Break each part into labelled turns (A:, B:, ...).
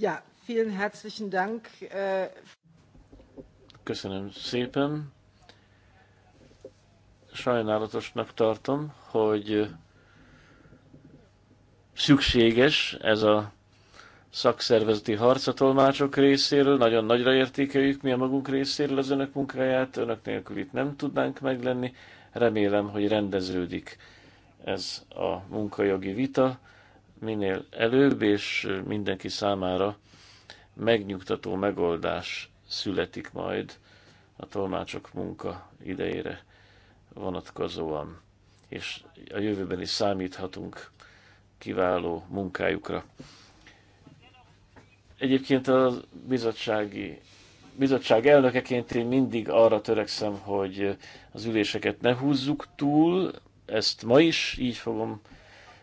A: Ja, vielen herzlichen Dank. Äh,
B: Köszönöm szépen. Sajnálatosnak tartom, hogy szükséges ez a szakszervezeti harc a tolmácsok részéről, nagyon nagyra értékeljük mi a magunk részéről az önök munkáját, önök nélkül itt nem tudnánk meglenni. Remélem, hogy rendeződik ez a munkajogi vita minél előbb, és mindenki számára megnyugtató megoldás születik majd a tolmácsok munka idejére vonatkozóan, és a jövőben is számíthatunk kiváló munkájukra. Egyébként a bizottsági, bizottság elnökeként én mindig arra törekszem, hogy az üléseket ne húzzuk túl, ezt ma is így fogom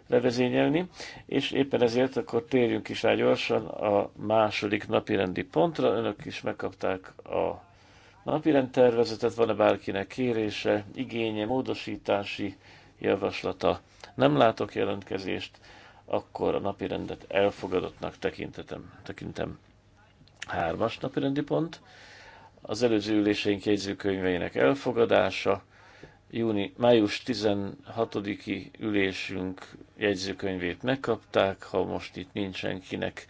B: levezényelni, és éppen ezért akkor térjünk is rá gyorsan a második napirendi pontra. Önök is megkapták a napirend tervezetet, van-e bárkinek kérése, igénye, módosítási javaslata? Nem látok jelentkezést, akkor a napirendet elfogadottnak tekintetem. tekintem. Hármas napirendi pont. Az előző üléseink jegyzőkönyveinek elfogadása júni, május 16-i ülésünk jegyzőkönyvét megkapták, ha most itt nincsenkinek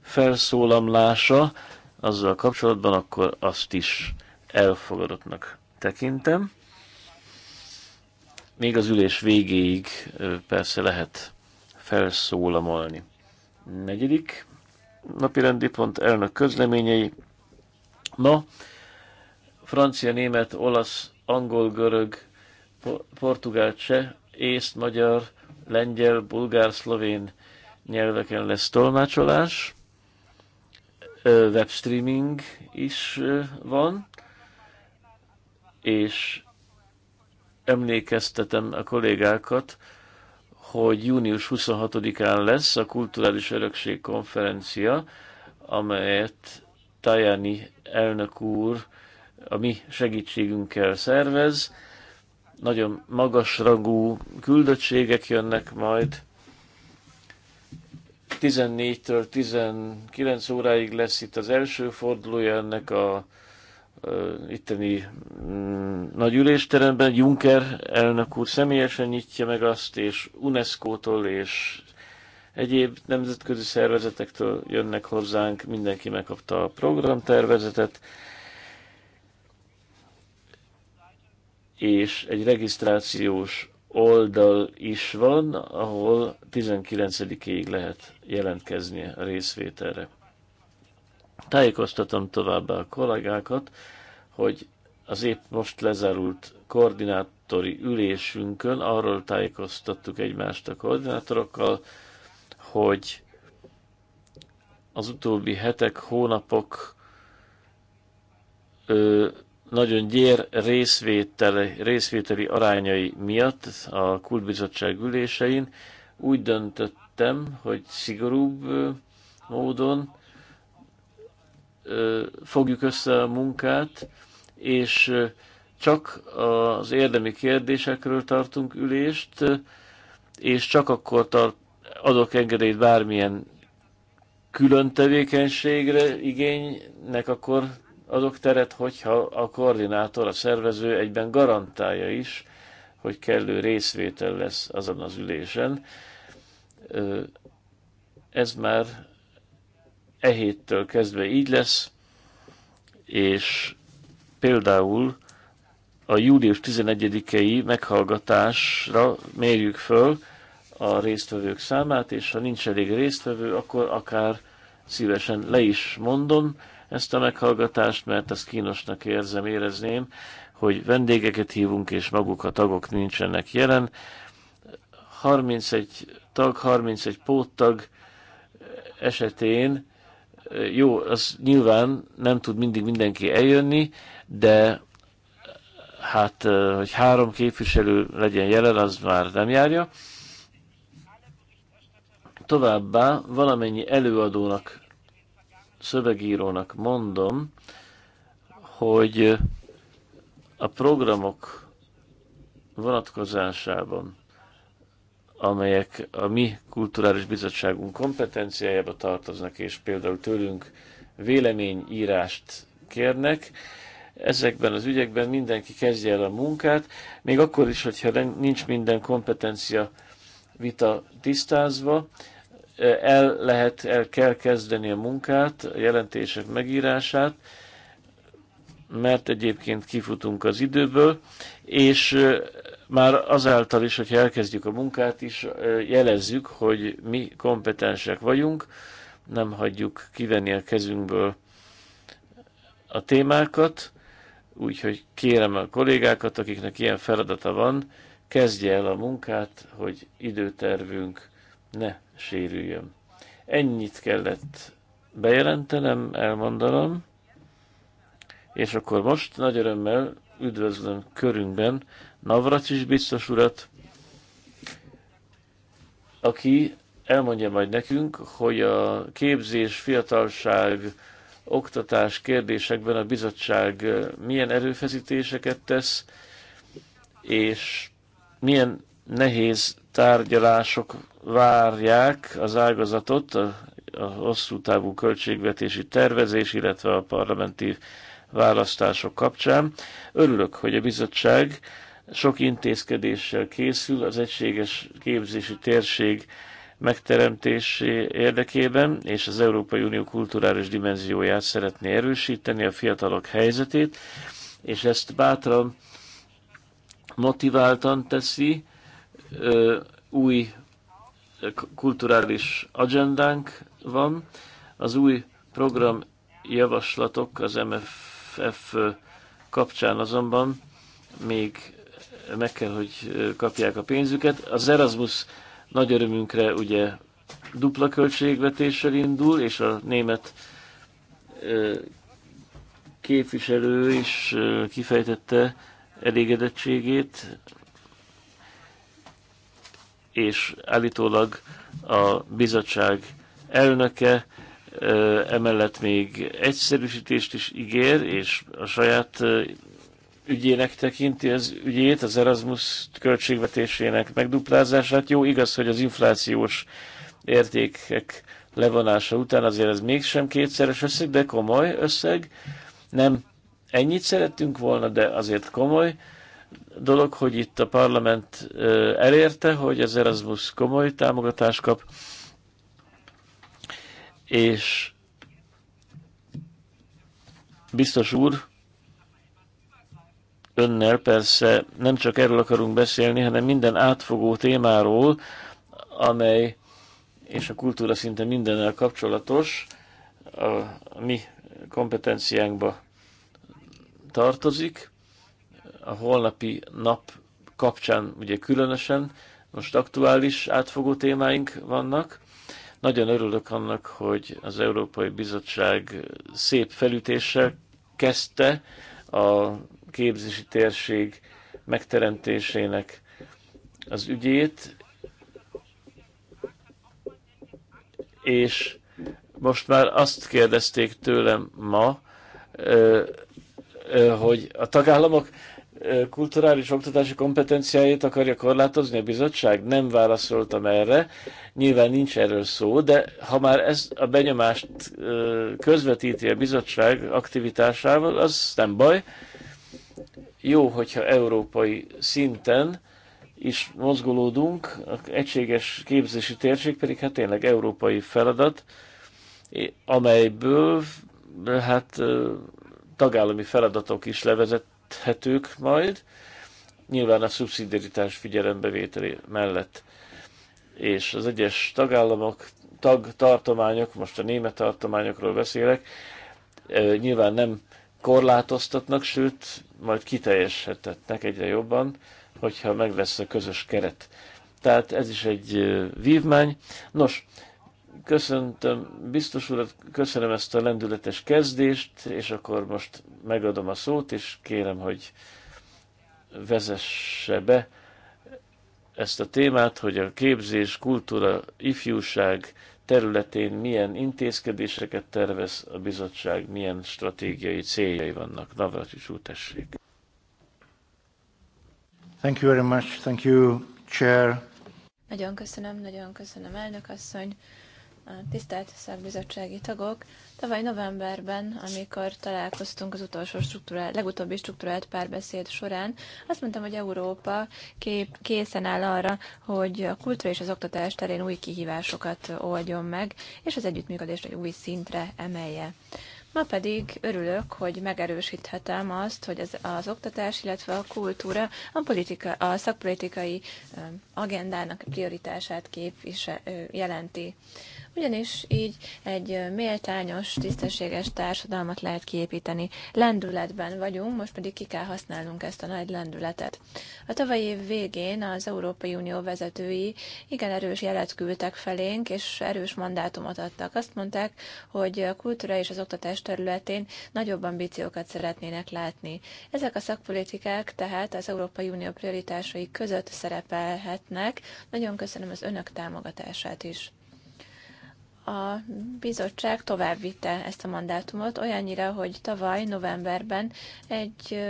B: felszólamlása azzal kapcsolatban, akkor azt is elfogadottnak tekintem. Még az ülés végéig persze lehet felszólamolni. Negyedik napirendi pont elnök közleményei. Ma francia, német, olasz, angol, görög, portugál, cseh, észt, magyar, lengyel, bulgár, szlovén nyelveken lesz tolmácsolás, webstreaming is van, és emlékeztetem a kollégákat, hogy június 26-án lesz a Kulturális Örökség konferencia, amelyet Tajani elnök úr a mi segítségünkkel szervez, nagyon magasragú küldöttségek jönnek majd. 14-től 19 óráig lesz itt az első fordulója ennek a, a itteni mm, nagy ülésteremben. Juncker elnök úr személyesen nyitja meg azt, és UNESCO-tól és egyéb nemzetközi szervezetektől jönnek hozzánk, mindenki megkapta a programtervezetet. és egy regisztrációs oldal is van, ahol 19-ig lehet jelentkezni a részvételre. Tájékoztatom továbbá a kollégákat, hogy az épp most lezárult koordinátori ülésünkön arról tájékoztattuk egymást a koordinátorokkal, hogy az utóbbi hetek, hónapok ö, nagyon gyér részvételi, részvételi arányai miatt a kultbizottság ülésein úgy döntöttem, hogy szigorúbb módon fogjuk össze a munkát, és csak az érdemi kérdésekről tartunk ülést, és csak akkor tart, adok engedélyt bármilyen külön tevékenységre, igénynek, akkor azok teret, hogyha a koordinátor, a szervező egyben garantálja is, hogy kellő részvétel lesz azon az ülésen. Ez már e héttől kezdve így lesz, és például a július 11-i meghallgatásra mérjük föl a résztvevők számát, és ha nincs elég résztvevő, akkor akár szívesen le is mondom, ezt a meghallgatást, mert ezt kínosnak érzem, érezném, hogy vendégeket hívunk, és maguk a tagok nincsenek jelen. 31 tag, 31 póttag esetén jó, az nyilván nem tud mindig mindenki eljönni, de hát, hogy három képviselő legyen jelen, az már nem járja. Továbbá valamennyi előadónak szövegírónak mondom, hogy a programok vonatkozásában, amelyek a mi kulturális bizottságunk kompetenciájába tartoznak, és például tőlünk véleményírást kérnek, ezekben az ügyekben mindenki kezdje el a munkát, még akkor is, hogyha nincs minden kompetencia vita tisztázva, el lehet, el kell kezdeni a munkát, a jelentések megírását, mert egyébként kifutunk az időből, és már azáltal is, hogyha elkezdjük a munkát is, jelezzük, hogy mi kompetensek vagyunk, nem hagyjuk kivenni a kezünkből a témákat, úgyhogy kérem a kollégákat, akiknek ilyen feladata van, kezdje el a munkát, hogy időtervünk ne sérüljön. Ennyit kellett bejelentenem, elmondanom, és akkor most nagy örömmel üdvözlöm körünkben Navracis biztos urat, aki elmondja majd nekünk, hogy a képzés, fiatalság, oktatás kérdésekben a bizottság milyen erőfeszítéseket tesz, és milyen nehéz tárgyalások várják az ágazatot, a, a hosszú távú költségvetési tervezés, illetve a parlamenti választások kapcsán. Örülök, hogy a bizottság sok intézkedéssel készül az egységes képzési térség megteremtésé érdekében, és az Európai Unió kulturális dimenzióját szeretné erősíteni, a fiatalok helyzetét, és ezt bátran, motiváltan teszi, új kulturális agendánk van. Az új program javaslatok az MFF kapcsán azonban még meg kell, hogy kapják a pénzüket. Az Erasmus nagy örömünkre ugye dupla költségvetéssel indul, és a német képviselő is kifejtette elégedettségét és állítólag a bizottság elnöke emellett még egyszerűsítést is ígér, és a saját ügyének tekinti az ügyét, az Erasmus költségvetésének megduplázását. Jó, igaz, hogy az inflációs értékek levonása után azért ez mégsem kétszeres összeg, de komoly összeg. Nem ennyit szerettünk volna, de azért komoly dolog, hogy itt a parlament elérte, hogy az Erasmus komoly támogatást kap, és biztos úr, önnel persze nem csak erről akarunk beszélni, hanem minden átfogó témáról, amely és a kultúra szinte mindennel kapcsolatos, a, mi kompetenciánkba tartozik a holnapi nap kapcsán ugye különösen, most aktuális átfogó témáink vannak. Nagyon örülök annak, hogy az Európai Bizottság szép felütéssel kezdte a képzési térség megteremtésének az ügyét, és most már azt kérdezték tőlem ma, hogy a tagállamok kulturális oktatási kompetenciáit akarja korlátozni a bizottság? Nem válaszoltam erre. Nyilván nincs erről szó, de ha már ez a benyomást közvetíti a bizottság aktivitásával, az nem baj. Jó, hogyha európai szinten is mozgolódunk, a egységes képzési térség pedig hát tényleg európai feladat, amelyből hát tagállami feladatok is levezet, követhetők majd, nyilván a szubszidiaritás figyelembevételi mellett. És az egyes tagállamok, tag tartományok, most a német tartományokról beszélek, nyilván nem korlátoztatnak, sőt, majd kiteljeshetetnek egyre jobban, hogyha meg lesz a közös keret. Tehát ez is egy vívmány. Nos, Köszöntöm, biztos urat, köszönöm ezt a lendületes kezdést, és akkor most megadom a szót, és kérem, hogy vezesse be ezt a témát, hogy a képzés, kultúra, ifjúság területén milyen intézkedéseket tervez a bizottság, milyen stratégiai céljai vannak. Navracsics úr, tessék.
A: Thank you very much. Thank you, Chair.
C: Nagyon köszönöm, nagyon köszönöm, elnök asszony. Tisztelt szakbizottsági tagok! Tavaly novemberben, amikor találkoztunk az utolsó struktúrá, legutóbbi struktúrált párbeszéd során, azt mondtam, hogy Európa kép, készen áll arra, hogy a kultúra és az oktatás terén új kihívásokat oldjon meg, és az együttműködést egy új szintre emelje. Ma pedig örülök, hogy megerősíthetem azt, hogy az, az oktatás, illetve a kultúra a, politika, a szakpolitikai agendának prioritását képvisel, jelenti ugyanis így egy méltányos, tisztességes társadalmat lehet kiépíteni. Lendületben vagyunk, most pedig ki kell használnunk ezt a nagy lendületet. A tavalyi év végén az Európai Unió vezetői igen erős jelet küldtek felénk, és erős mandátumot adtak. Azt mondták, hogy a kultúra és az oktatás területén nagyobb ambíciókat szeretnének látni. Ezek a szakpolitikák tehát az Európai Unió prioritásai között szerepelhetnek. Nagyon köszönöm az önök támogatását is a bizottság tovább vitte ezt a mandátumot, olyannyira, hogy tavaly novemberben egy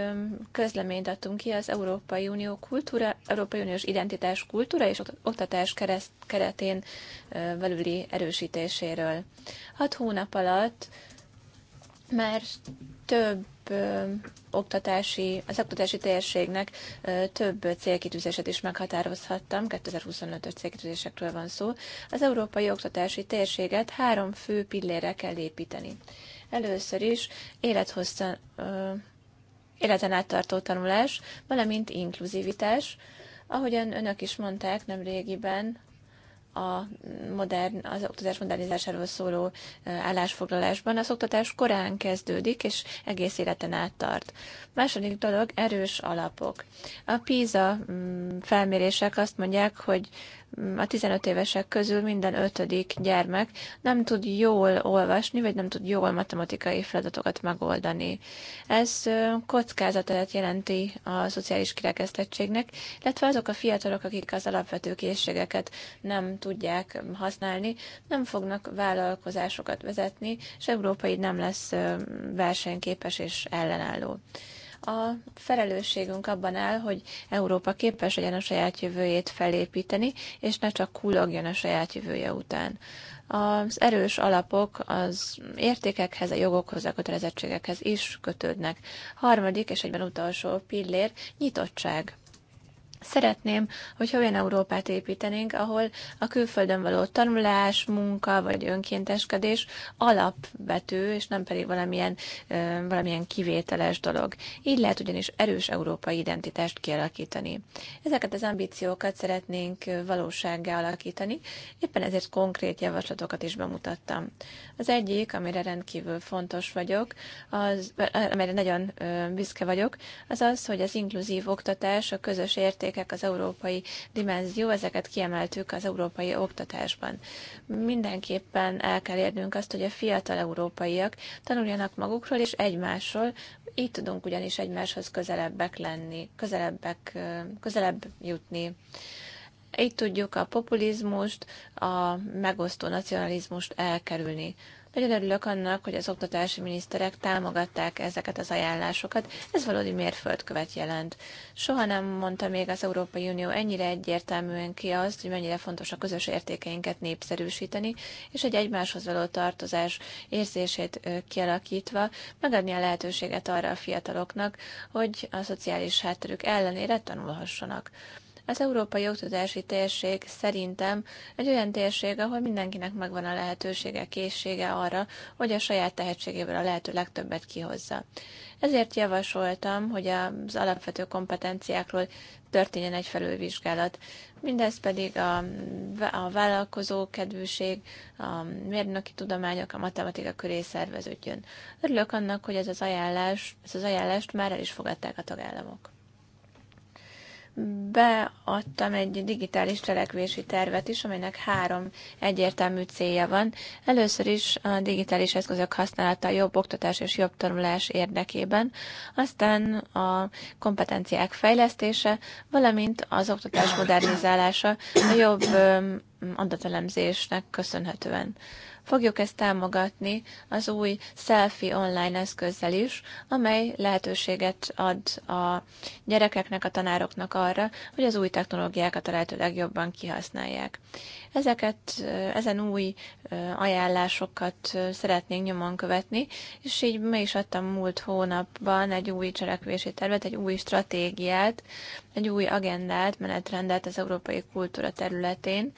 C: közleményt adtunk ki az Európai Unió kultúra, Európai Uniós identitás kultúra és oktatás kereszt, keretén belüli erősítéséről. Hat hónap alatt már több oktatási, az oktatási térségnek több célkitűzéset is meghatározhattam, 2025-ös célkitűzésekről van szó. Az európai oktatási térséget három fő pillére kell építeni. Először is élethosszan, életen áttartó tanulás, valamint inkluzivitás. Ahogyan önök is mondták nem régiben, a modern, az oktatás modernizásáról szóló állásfoglalásban az oktatás korán kezdődik, és egész életen át tart. Második dolog, erős alapok. A PISA mm, felmérések azt mondják, hogy a 15 évesek közül minden ötödik gyermek nem tud jól olvasni, vagy nem tud jól matematikai feladatokat megoldani. Ez kockázatát jelenti a szociális kirekesztettségnek, illetve azok a fiatalok, akik az alapvető készségeket nem tudják használni, nem fognak vállalkozásokat vezetni, és európai nem lesz versenyképes és ellenálló. A felelősségünk abban áll, hogy Európa képes legyen a saját jövőjét felépíteni, és ne csak kullogjon a saját jövője után. Az erős alapok az értékekhez, a jogokhoz, a kötelezettségekhez is kötődnek. Harmadik és egyben utolsó pillér nyitottság. Szeretném, hogyha olyan Európát építenénk, ahol a külföldön való tanulás, munka vagy önkénteskedés alapvető, és nem pedig valamilyen, valamilyen kivételes dolog. Így lehet ugyanis erős európai identitást kialakítani. Ezeket az ambíciókat szeretnénk valósággá alakítani, éppen ezért konkrét javaslatokat is bemutattam. Az egyik, amire rendkívül fontos vagyok, az, amire nagyon büszke vagyok, az az, hogy az inkluzív oktatás a közös érték értékek, az európai dimenzió, ezeket kiemeltük az európai oktatásban. Mindenképpen el kell érnünk azt, hogy a fiatal európaiak tanuljanak magukról és egymásról, így tudunk ugyanis egymáshoz közelebbek lenni, közelebbek, közelebb jutni. Így tudjuk a populizmust, a megosztó nacionalizmust elkerülni. Nagyon örülök annak, hogy az oktatási miniszterek támogatták ezeket az ajánlásokat. Ez valódi mérföldkövet jelent. Soha nem mondta még az Európai Unió ennyire egyértelműen ki azt, hogy mennyire fontos a közös értékeinket népszerűsíteni, és egy egymáshoz való tartozás érzését kialakítva megadni a lehetőséget arra a fiataloknak, hogy a szociális hátterük ellenére tanulhassanak. Az európai oktatási térség szerintem egy olyan térség, ahol mindenkinek megvan a lehetősége, készsége arra, hogy a saját tehetségéből a lehető legtöbbet kihozza. Ezért javasoltam, hogy az alapvető kompetenciákról történjen egy felülvizsgálat. Mindez pedig a, a vállalkozó kedvűség, a mérnöki tudományok, a matematika köré szerveződjön. Örülök annak, hogy ez az ajánlás, ez az ajánlást már el is fogadták a tagállamok beadtam egy digitális cselekvési tervet is, amelynek három egyértelmű célja van. Először is a digitális eszközök használata a jobb oktatás és jobb tanulás érdekében, aztán a kompetenciák fejlesztése, valamint az oktatás modernizálása a jobb adatelemzésnek köszönhetően. Fogjuk ezt támogatni az új selfie online eszközzel is, amely lehetőséget ad a gyerekeknek, a tanároknak arra, hogy az új technológiákat a lehető legjobban kihasználják. Ezeket, ezen új ajánlásokat szeretnénk nyomon követni, és így mi is adtam múlt hónapban egy új cselekvési tervet, egy új stratégiát, egy új agendát, menetrendet az európai kultúra területén,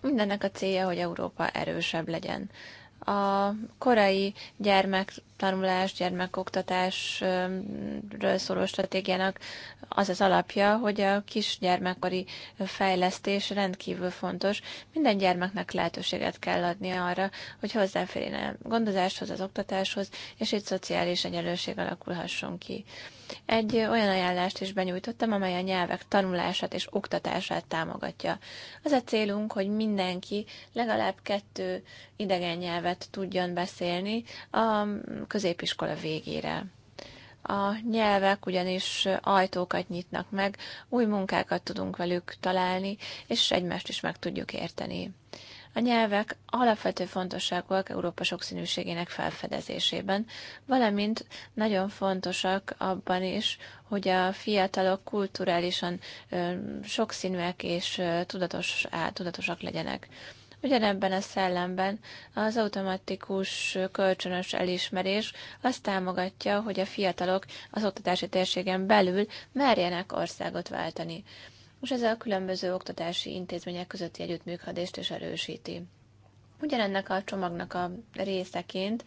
C: Mindennek a célja, hogy Európa erősebb legyen. A korai gyermek tanulás, gyermekoktatásról szóló stratégiának az az alapja, hogy a kisgyermekkori fejlesztés rendkívül fontos. Minden gyermeknek lehetőséget kell adni arra, hogy hozzáférjen a gondozáshoz, az oktatáshoz, és itt szociális egyenlőség alakulhasson ki. Egy olyan ajánlást is benyújtottam, amely a nyelvek tanulását és oktatását támogatja. Az a célunk, hogy mindenki legalább kettő idegen nyelvet tudjon beszélni a középiskola végére. A nyelvek ugyanis ajtókat nyitnak meg, új munkákat tudunk velük találni, és egymást is meg tudjuk érteni. A nyelvek alapvető fontosságúak Európa sokszínűségének felfedezésében, valamint nagyon fontosak abban is, hogy a fiatalok kulturálisan sokszínűek és tudatos, tudatosak legyenek. Ugyanebben a szellemben az automatikus kölcsönös elismerés azt támogatja, hogy a fiatalok az oktatási térségen belül merjenek országot váltani. És ez a különböző oktatási intézmények közötti együttműködést is erősíti. Ugyanennek a csomagnak a részeként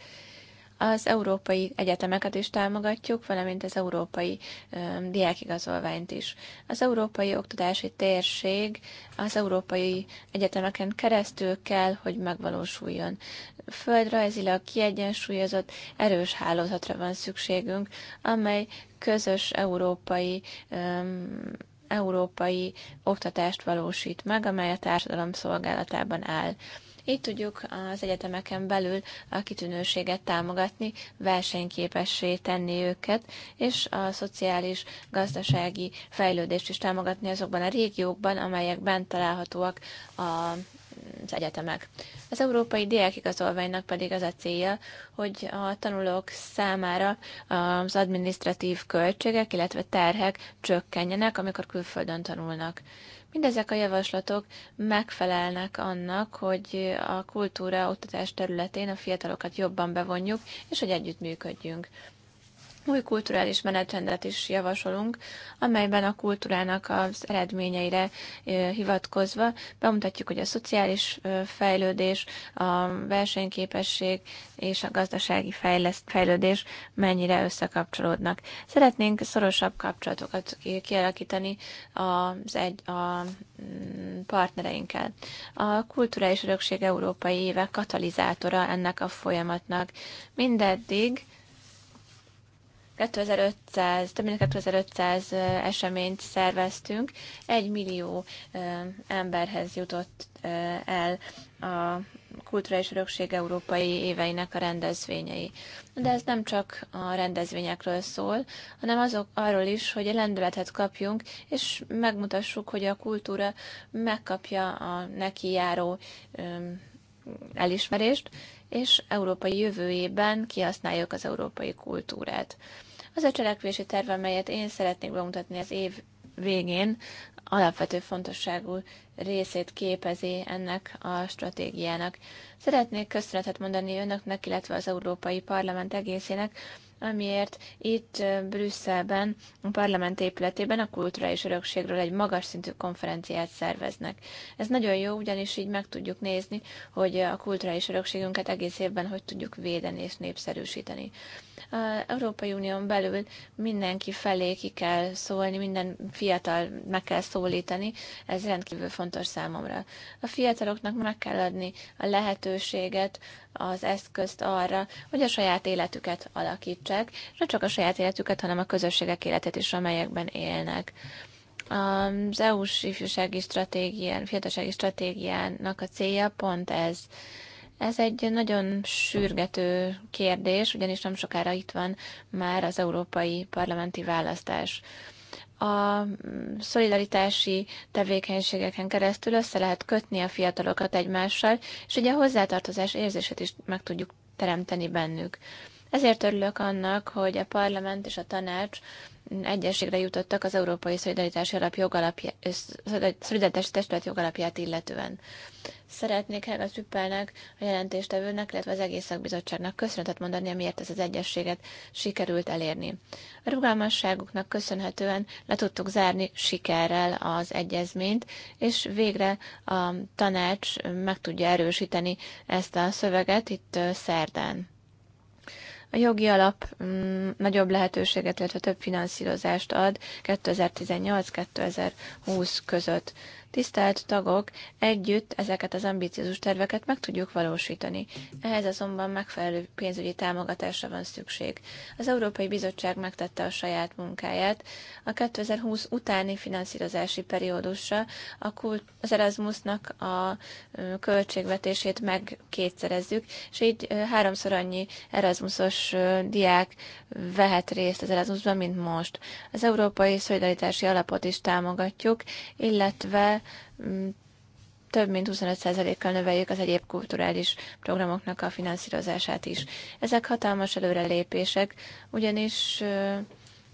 C: az európai egyetemeket is támogatjuk, valamint az európai um, diákigazolványt is. Az európai oktatási térség az európai egyetemeken keresztül kell, hogy megvalósuljon. Földrajzilag kiegyensúlyozott, erős hálózatra van szükségünk, amely közös európai um, európai oktatást valósít meg, amely a társadalom szolgálatában áll. Így tudjuk az egyetemeken belül a kitűnőséget támogatni, versenyképessé tenni őket, és a szociális, gazdasági fejlődést is támogatni azokban a régiókban, amelyekben találhatóak a az egyetemek. Az európai diákigazolványnak pedig az a célja, hogy a tanulók számára az administratív költségek, illetve terhek csökkenjenek, amikor külföldön tanulnak. Mindezek a javaslatok megfelelnek annak, hogy a kultúra oktatás területén a fiatalokat jobban bevonjuk, és hogy együttműködjünk. Új kulturális menetrendet is javasolunk, amelyben a kultúrának az eredményeire hivatkozva bemutatjuk, hogy a szociális fejlődés, a versenyképesség és a gazdasági fejleszt, fejlődés mennyire összekapcsolódnak. Szeretnénk szorosabb kapcsolatokat kialakítani az egy, a mm, partnereinkkel. A kulturális örökség európai éve katalizátora ennek a folyamatnak. Mindeddig 2500, több mint 2500 eseményt szerveztünk, egy millió emberhez jutott el a kulturális örökség európai éveinek a rendezvényei. De ez nem csak a rendezvényekről szól, hanem azok arról is, hogy lendületet kapjunk, és megmutassuk, hogy a kultúra megkapja a neki járó elismerést, és európai jövőjében kihasználjuk az európai kultúrát. Az a cselekvési terv, amelyet én szeretnék bemutatni az év végén, alapvető fontosságú részét képezi ennek a stratégiának. Szeretnék köszönetet mondani önöknek, illetve az Európai Parlament egészének, amiért itt Brüsszelben, a parlament épületében a kulturális örökségről egy magas szintű konferenciát szerveznek. Ez nagyon jó, ugyanis így meg tudjuk nézni, hogy a kulturális örökségünket egész évben hogy tudjuk védeni és népszerűsíteni. A Európai Unión belül mindenki felé ki kell szólni, minden fiatal meg kell szólítani, ez rendkívül fontos számomra. A fiataloknak meg kell adni a lehetőséget, az eszközt arra, hogy a saját életüket alakítsák, és nem csak a saját életüket, hanem a közösségek életét is, amelyekben élnek. Az EU-s ifjúsági stratégián, fiatalsági stratégiának a célja pont ez. Ez egy nagyon sürgető kérdés, ugyanis nem sokára itt van már az európai parlamenti választás a mm, szolidaritási tevékenységeken keresztül össze lehet kötni a fiatalokat egymással, és ugye a hozzátartozás érzését is meg tudjuk teremteni bennük. Ezért örülök annak, hogy a parlament és a tanács egyességre jutottak az Európai Szolidaritási Alap jogalapja, Szolidaritási Testület jogalapját illetően. Szeretnék Helga Szüppelnek, a jelentéstevőnek, illetve az egész szakbizottságnak köszönetet mondani, amiért ez az egyességet sikerült elérni. A rugalmasságuknak köszönhetően le tudtuk zárni sikerrel az egyezményt, és végre a tanács meg tudja erősíteni ezt a szöveget itt szerdán. A jogi alap mm, nagyobb lehetőséget, illetve több finanszírozást ad 2018-2020 között. Tisztelt tagok, együtt ezeket az ambiciózus terveket meg tudjuk valósítani. Ehhez azonban megfelelő pénzügyi támogatásra van szükség. Az Európai Bizottság megtette a saját munkáját. A 2020 utáni finanszírozási periódusra a kult, az Erasmusnak a költségvetését megkétszerezzük, és így háromszor annyi Erasmusos diák vehet részt az Erasmusban, mint most. Az Európai Szolidaritási Alapot is támogatjuk, illetve Mm, több mint 25%-kal növeljük az egyéb kulturális programoknak a finanszírozását is. Ezek hatalmas előrelépések, ugyanis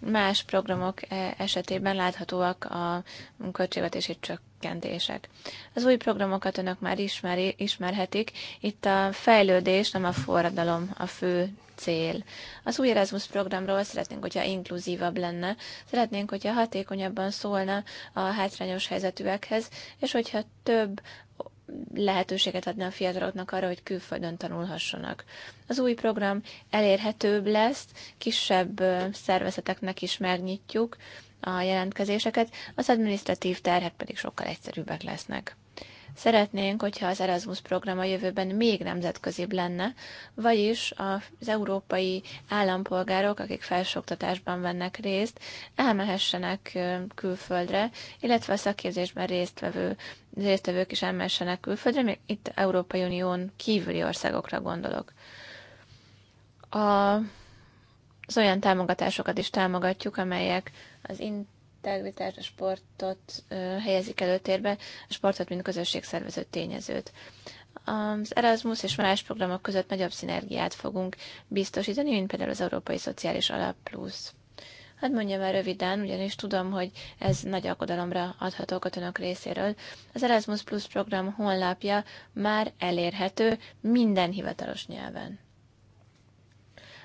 C: Más programok e, esetében láthatóak a költségvetési csökkentések. Az új programokat önök már ismeri, ismerhetik. Itt a fejlődés, nem a forradalom a fő cél. Az új Erasmus programról szeretnénk, hogyha inkluzívabb lenne, szeretnénk, hogyha hatékonyabban szólna a hátrányos helyzetűekhez, és hogyha több lehetőséget adni a fiataloknak arra, hogy külföldön tanulhassanak. Az új program elérhetőbb lesz, kisebb szervezeteknek is megnyitjuk a jelentkezéseket, az administratív terhek pedig sokkal egyszerűbbek lesznek. Szeretnénk, hogyha az Erasmus program a jövőben még nemzetközibb lenne, vagyis az európai állampolgárok, akik felsőoktatásban vennek részt, elmehessenek külföldre, illetve a szakképzésben résztvevő, résztvevők is elmehessenek külföldre, még itt Európai Unión kívüli országokra gondolok. A az olyan támogatásokat is támogatjuk, amelyek az in- tágítást, a sportot helyezik előtérbe, a sportot, mint közösségszervező tényezőt. Az Erasmus és más programok között nagyobb szinergiát fogunk biztosítani, mint például az Európai Szociális Alap Plusz. hát mondjam már röviden, ugyanis tudom, hogy ez nagy aggodalomra adható a önök részéről. Az Erasmus Plus program honlapja már elérhető minden hivatalos nyelven.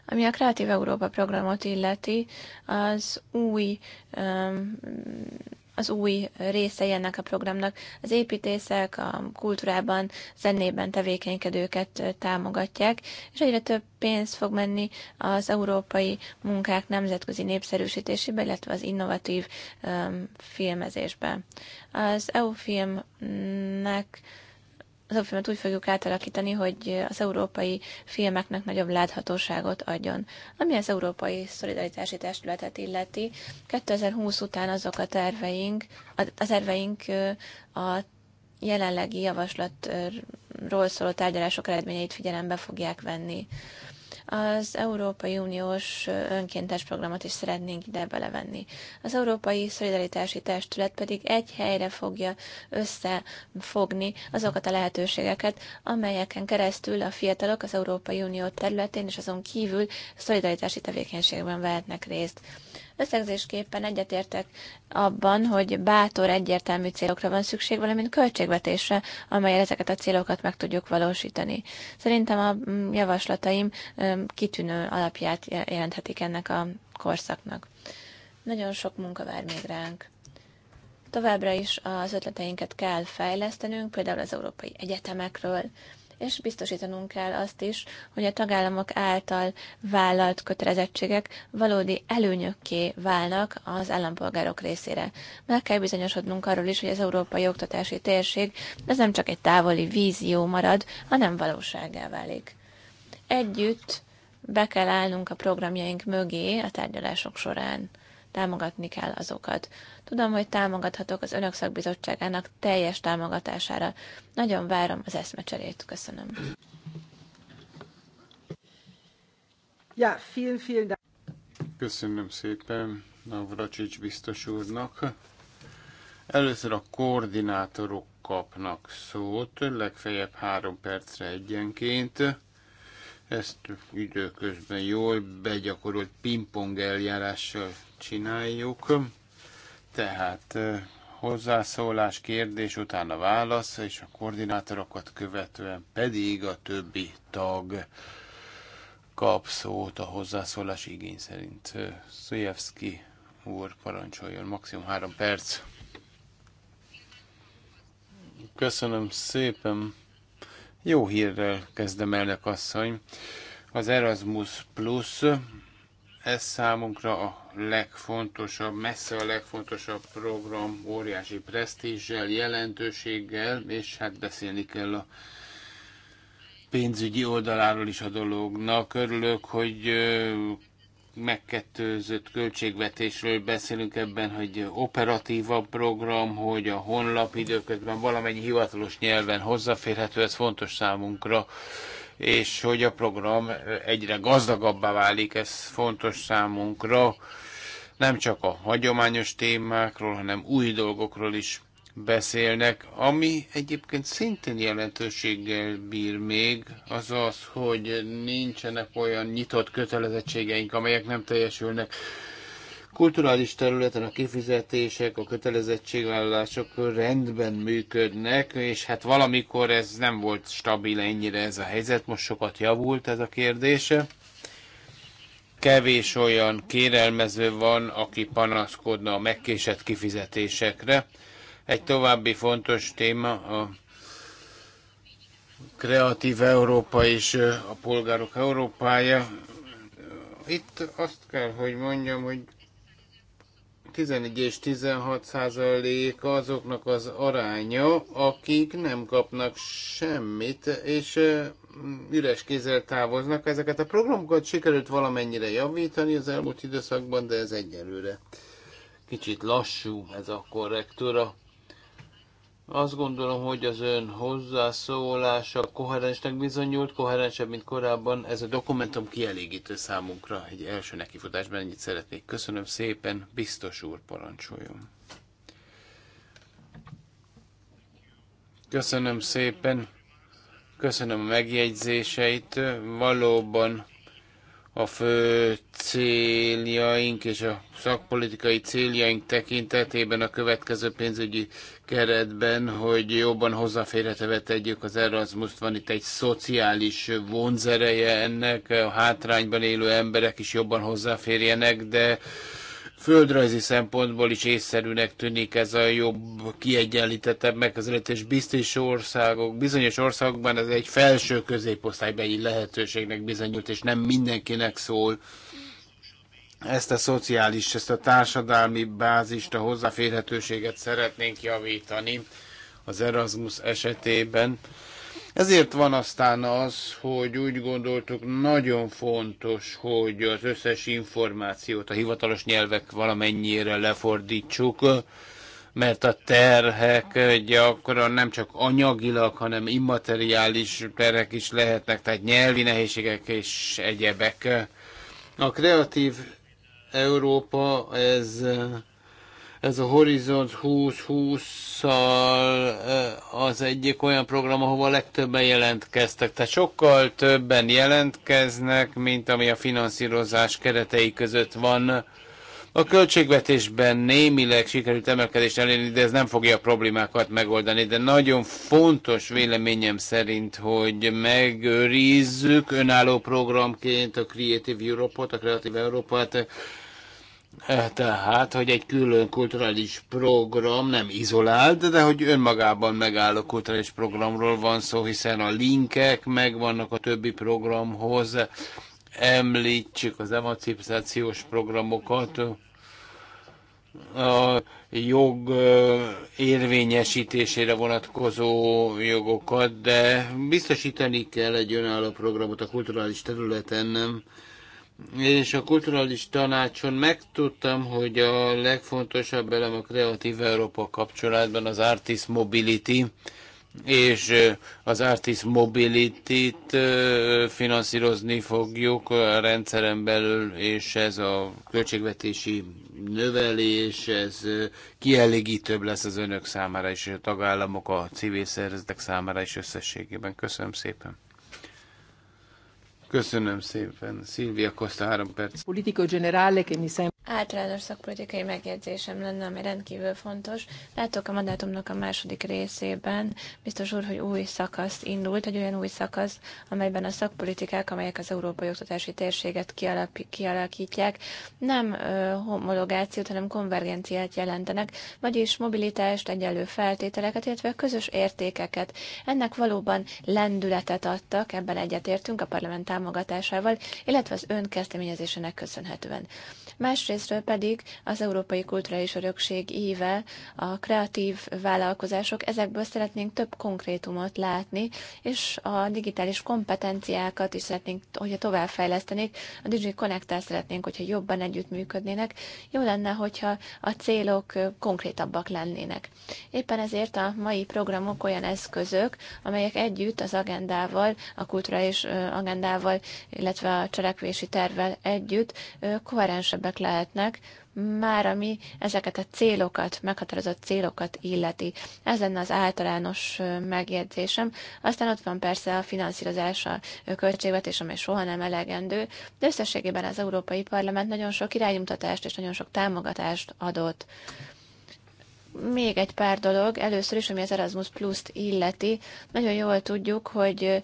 C: Ami a Kreatív Európa programot illeti, az új um, az új részei ennek a programnak az építészek, a kultúrában, zenében tevékenykedőket támogatják, és egyre több pénz fog menni az európai munkák nemzetközi népszerűsítésébe, illetve az innovatív um, filmezésbe. Az EU filmnek az a filmet úgy fogjuk átalakítani, hogy az európai filmeknek nagyobb láthatóságot adjon. Ami az Európai Szolidaritási Testületet illeti, 2020 után azok a terveink, a terveink a jelenlegi javaslatról szóló tárgyalások eredményeit figyelembe fogják venni az Európai Uniós önkéntes programot is szeretnénk ide belevenni. Az Európai Szolidaritási Testület pedig egy helyre fogja összefogni azokat a lehetőségeket, amelyeken keresztül a fiatalok az Európai Unió területén és azon kívül szolidaritási tevékenységben vehetnek részt. Összegzésképpen egyetértek abban, hogy bátor, egyértelmű célokra van szükség, valamint költségvetésre, amelyel ezeket a célokat meg tudjuk valósítani. Szerintem a mm, javaslataim mm, kitűnő alapját jelenthetik ennek a korszaknak. Nagyon sok munka vár még ránk. Továbbra is az ötleteinket kell fejlesztenünk, például az európai egyetemekről, és biztosítanunk kell azt is, hogy a tagállamok által vállalt kötelezettségek valódi előnyökké válnak az állampolgárok részére. Meg kell bizonyosodnunk arról is, hogy az európai oktatási térség ez nem csak egy távoli vízió marad, hanem valóságá válik. Együtt be kell állnunk a programjaink mögé a tárgyalások során támogatni kell azokat. Tudom, hogy támogathatok az Önök Szakbizottságának teljes támogatására. Nagyon várom az eszmecserét. Köszönöm.
A: Ja, vielen, vielen Dank.
D: Köszönöm szépen Navracsics biztos úrnak. Először a koordinátorok kapnak szót, legfeljebb három percre egyenként. Ezt időközben jól begyakorolt pingpong eljárással csináljuk. Tehát hozzászólás, kérdés, utána válasz, és a koordinátorokat követően pedig a többi tag kap szót a hozzászólás igény szerint. Szujevszki úr parancsoljon, maximum három perc. Köszönöm szépen. Jó hírrel kezdem, elnök asszony. Az Erasmus Plus ez számunkra a legfontosabb, messze a legfontosabb program, óriási presztízsel, jelentőséggel, és hát beszélni kell a pénzügyi oldaláról is a dolognak. Örülök, hogy megkettőzött költségvetésről beszélünk ebben, hogy operatívabb program, hogy a honlap időközben valamennyi hivatalos nyelven hozzáférhető, ez fontos számunkra és hogy a program egyre gazdagabbá válik, ez fontos számunkra. Nem csak a hagyományos témákról, hanem új dolgokról is beszélnek. Ami egyébként szintén jelentőséggel bír még, az az, hogy nincsenek olyan nyitott kötelezettségeink, amelyek nem teljesülnek kulturális területen a kifizetések, a kötelezettségvállalások rendben működnek, és hát valamikor ez nem volt stabil ennyire ez a helyzet, most sokat javult ez a kérdése. Kevés olyan kérelmező van, aki panaszkodna a megkésett kifizetésekre. Egy további fontos téma a kreatív Európa és a polgárok Európája. Itt azt kell, hogy mondjam, hogy 11 és 16 százalék azoknak az aránya, akik nem kapnak semmit, és üres kézzel távoznak. Ezeket a programokat sikerült valamennyire javítani az elmúlt időszakban, de ez egyelőre kicsit lassú ez a korrektúra. Azt gondolom, hogy az ön hozzászólása koherensnek bizonyult, koherensebb, mint korábban. Ez a dokumentum kielégítő számunkra. Egy első nekifutásban ennyit szeretnék. Köszönöm szépen, biztos úr, parancsoljon. Köszönöm szépen, köszönöm a megjegyzéseit. Valóban a fő céljaink és a szakpolitikai céljaink tekintetében a következő pénzügyi keretben, hogy jobban hozzáférhetővé tegyük az Erasmus-t. Van itt egy szociális vonzereje ennek, a hátrányban élő emberek is jobban hozzáférjenek, de földrajzi szempontból is észszerűnek tűnik ez a jobb, kiegyenlítettebb megközelítés. Biztos országok, bizonyos országokban ez egy felső középosztálybeli lehetőségnek bizonyult, és nem mindenkinek szól. Ezt a szociális, ezt a társadalmi bázist, a hozzáférhetőséget szeretnénk javítani az Erasmus esetében ezért van aztán az, hogy úgy gondoltuk, nagyon fontos, hogy az összes információt a hivatalos nyelvek valamennyire lefordítsuk, mert a terhek gyakran nem csak anyagilag, hanem immateriális terhek is lehetnek, tehát nyelvi nehézségek és egyebek. A kreatív Európa ez ez a Horizont 2020-szal az egyik olyan program, ahova legtöbben jelentkeztek. Tehát sokkal többen jelentkeznek, mint ami a finanszírozás keretei között van. A költségvetésben némileg sikerült emelkedést elérni, de ez nem fogja a problémákat megoldani. De nagyon fontos véleményem szerint, hogy megőrizzük önálló programként a Creative Europe-ot, a Creative Európát, E, tehát, hogy egy külön kulturális program nem izolált, de hogy önmagában megálló kulturális programról van szó, hiszen a linkek megvannak a többi programhoz, említsük az emancipációs programokat, a jog e, érvényesítésére vonatkozó jogokat, de biztosítani kell egy önálló programot a kulturális területen, nem? és a kulturális tanácson megtudtam, hogy a legfontosabb elem a Kreatív Európa kapcsolatban az Artist Mobility, és az Artist Mobility-t finanszírozni fogjuk a rendszeren belül, és ez a költségvetési növelés, ez kielégítőbb lesz az önök számára is, és a tagállamok, a civil szervezetek számára is összességében. Köszönöm szépen! Köszönöm szépen. Szilvia Costa, három perc.
A: Politico generale, che mi sembra...
C: Általános szakpolitikai megjegyzésem lenne, ami rendkívül fontos. Látok a mandátumnak a második részében, biztos úr, hogy új szakasz indult, egy olyan új szakasz, amelyben a szakpolitikák, amelyek az európai oktatási térséget kialakítják, nem ö, homologációt, hanem konvergenciát jelentenek, vagyis mobilitást, egyenlő feltételeket, illetve közös értékeket. Ennek valóban lendületet adtak, ebben egyetértünk a parlament támogatásával, illetve az ön kezdeményezésének köszönhetően másrésztről pedig az Európai Kulturális Örökség íve, a kreatív vállalkozások, ezekből szeretnénk több konkrétumot látni, és a digitális kompetenciákat is szeretnénk, hogyha továbbfejlesztenék, a Digi connect szeretnénk, hogyha jobban együttműködnének, jó lenne, hogyha a célok konkrétabbak lennének. Éppen ezért a mai programok olyan eszközök, amelyek együtt az agendával, a kulturális agendával, illetve a cselekvési tervvel együtt koherensebben fontosak lehetnek, már ami ezeket a célokat, meghatározott célokat illeti. Ez lenne az általános megjegyzésem. Aztán ott van persze a finanszírozás, a költségvetés, amely soha nem elegendő, de összességében az Európai Parlament nagyon sok iránymutatást és nagyon sok támogatást adott még egy pár dolog. Először is, ami az Erasmus Plus-t illeti, nagyon jól tudjuk, hogy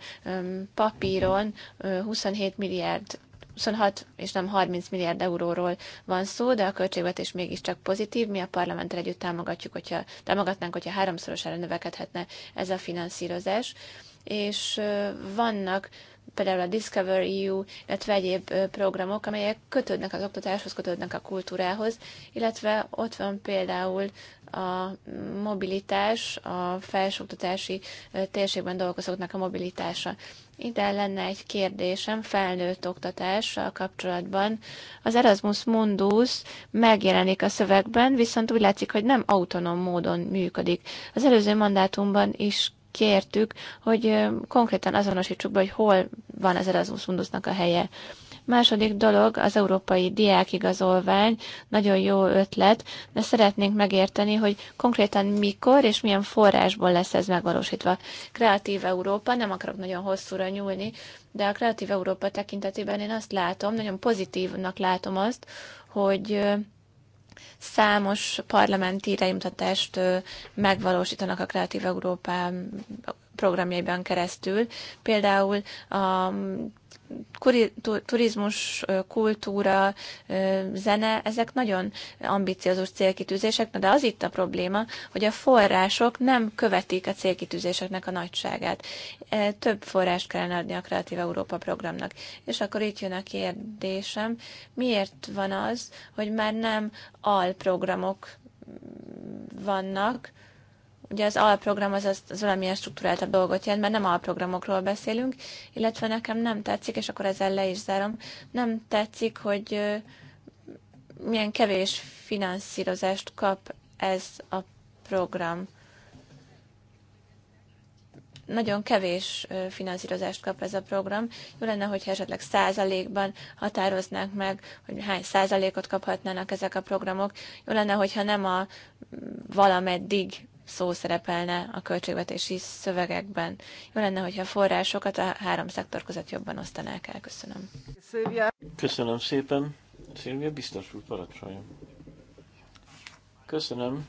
C: papíron 27 milliárd 26 és nem 30 milliárd euróról van szó, de a költségvetés mégiscsak pozitív. Mi a parlamenttel együtt támogatjuk, hogyha, támogatnánk, hogyha háromszorosára növekedhetne ez a finanszírozás és vannak például a Discover EU, illetve egyéb programok, amelyek kötődnek az oktatáshoz, kötődnek a kultúrához, illetve ott van például a mobilitás, a felsőoktatási térségben dolgozóknak a mobilitása. Ide lenne egy kérdésem felnőtt oktatással kapcsolatban. Az Erasmus Mundus megjelenik a szövegben, viszont úgy látszik, hogy nem autonóm módon működik. Az előző mandátumban is kértük, hogy konkrétan azonosítsuk be, hogy hol van az Erasmus Mundusnak a helye. Második dolog az európai diákigazolvány, nagyon jó ötlet, de szeretnénk megérteni, hogy konkrétan mikor és milyen forrásból lesz ez megvalósítva. Kreatív Európa, nem akarok nagyon hosszúra nyúlni, de a Kreatív Európa tekintetében én azt látom, nagyon pozitívnak látom azt, hogy Számos parlamenti iránymutatást megvalósítanak a Kreatív Európán programjaiban keresztül, például a turizmus, kultúra, zene, ezek nagyon ambiciózus célkitűzések, de az itt a probléma, hogy a források nem követik a célkitűzéseknek a nagyságát. E, több forrást kellene adni a Kreatív Európa programnak. És akkor itt jön a kérdésem, miért van az, hogy már nem alprogramok vannak, Ugye az alprogram az, az, az valamilyen struktúráltabb dolgot jelent, mert nem alprogramokról beszélünk, illetve nekem nem tetszik, és akkor ezzel le is zárom, nem tetszik, hogy milyen kevés finanszírozást kap ez a program. Nagyon kevés finanszírozást kap ez a program. Jó lenne, hogyha esetleg százalékban határoznák meg, hogy hány százalékot kaphatnának ezek a programok. Jó lenne, hogyha nem a valameddig szó szerepelne a költségvetési szövegekben. Jó lenne, hogyha forrásokat a három szektor között jobban osztanák el. Köszönöm.
B: Köszönöm szépen. Szilvia biztos úr, parancsoljon. Köszönöm.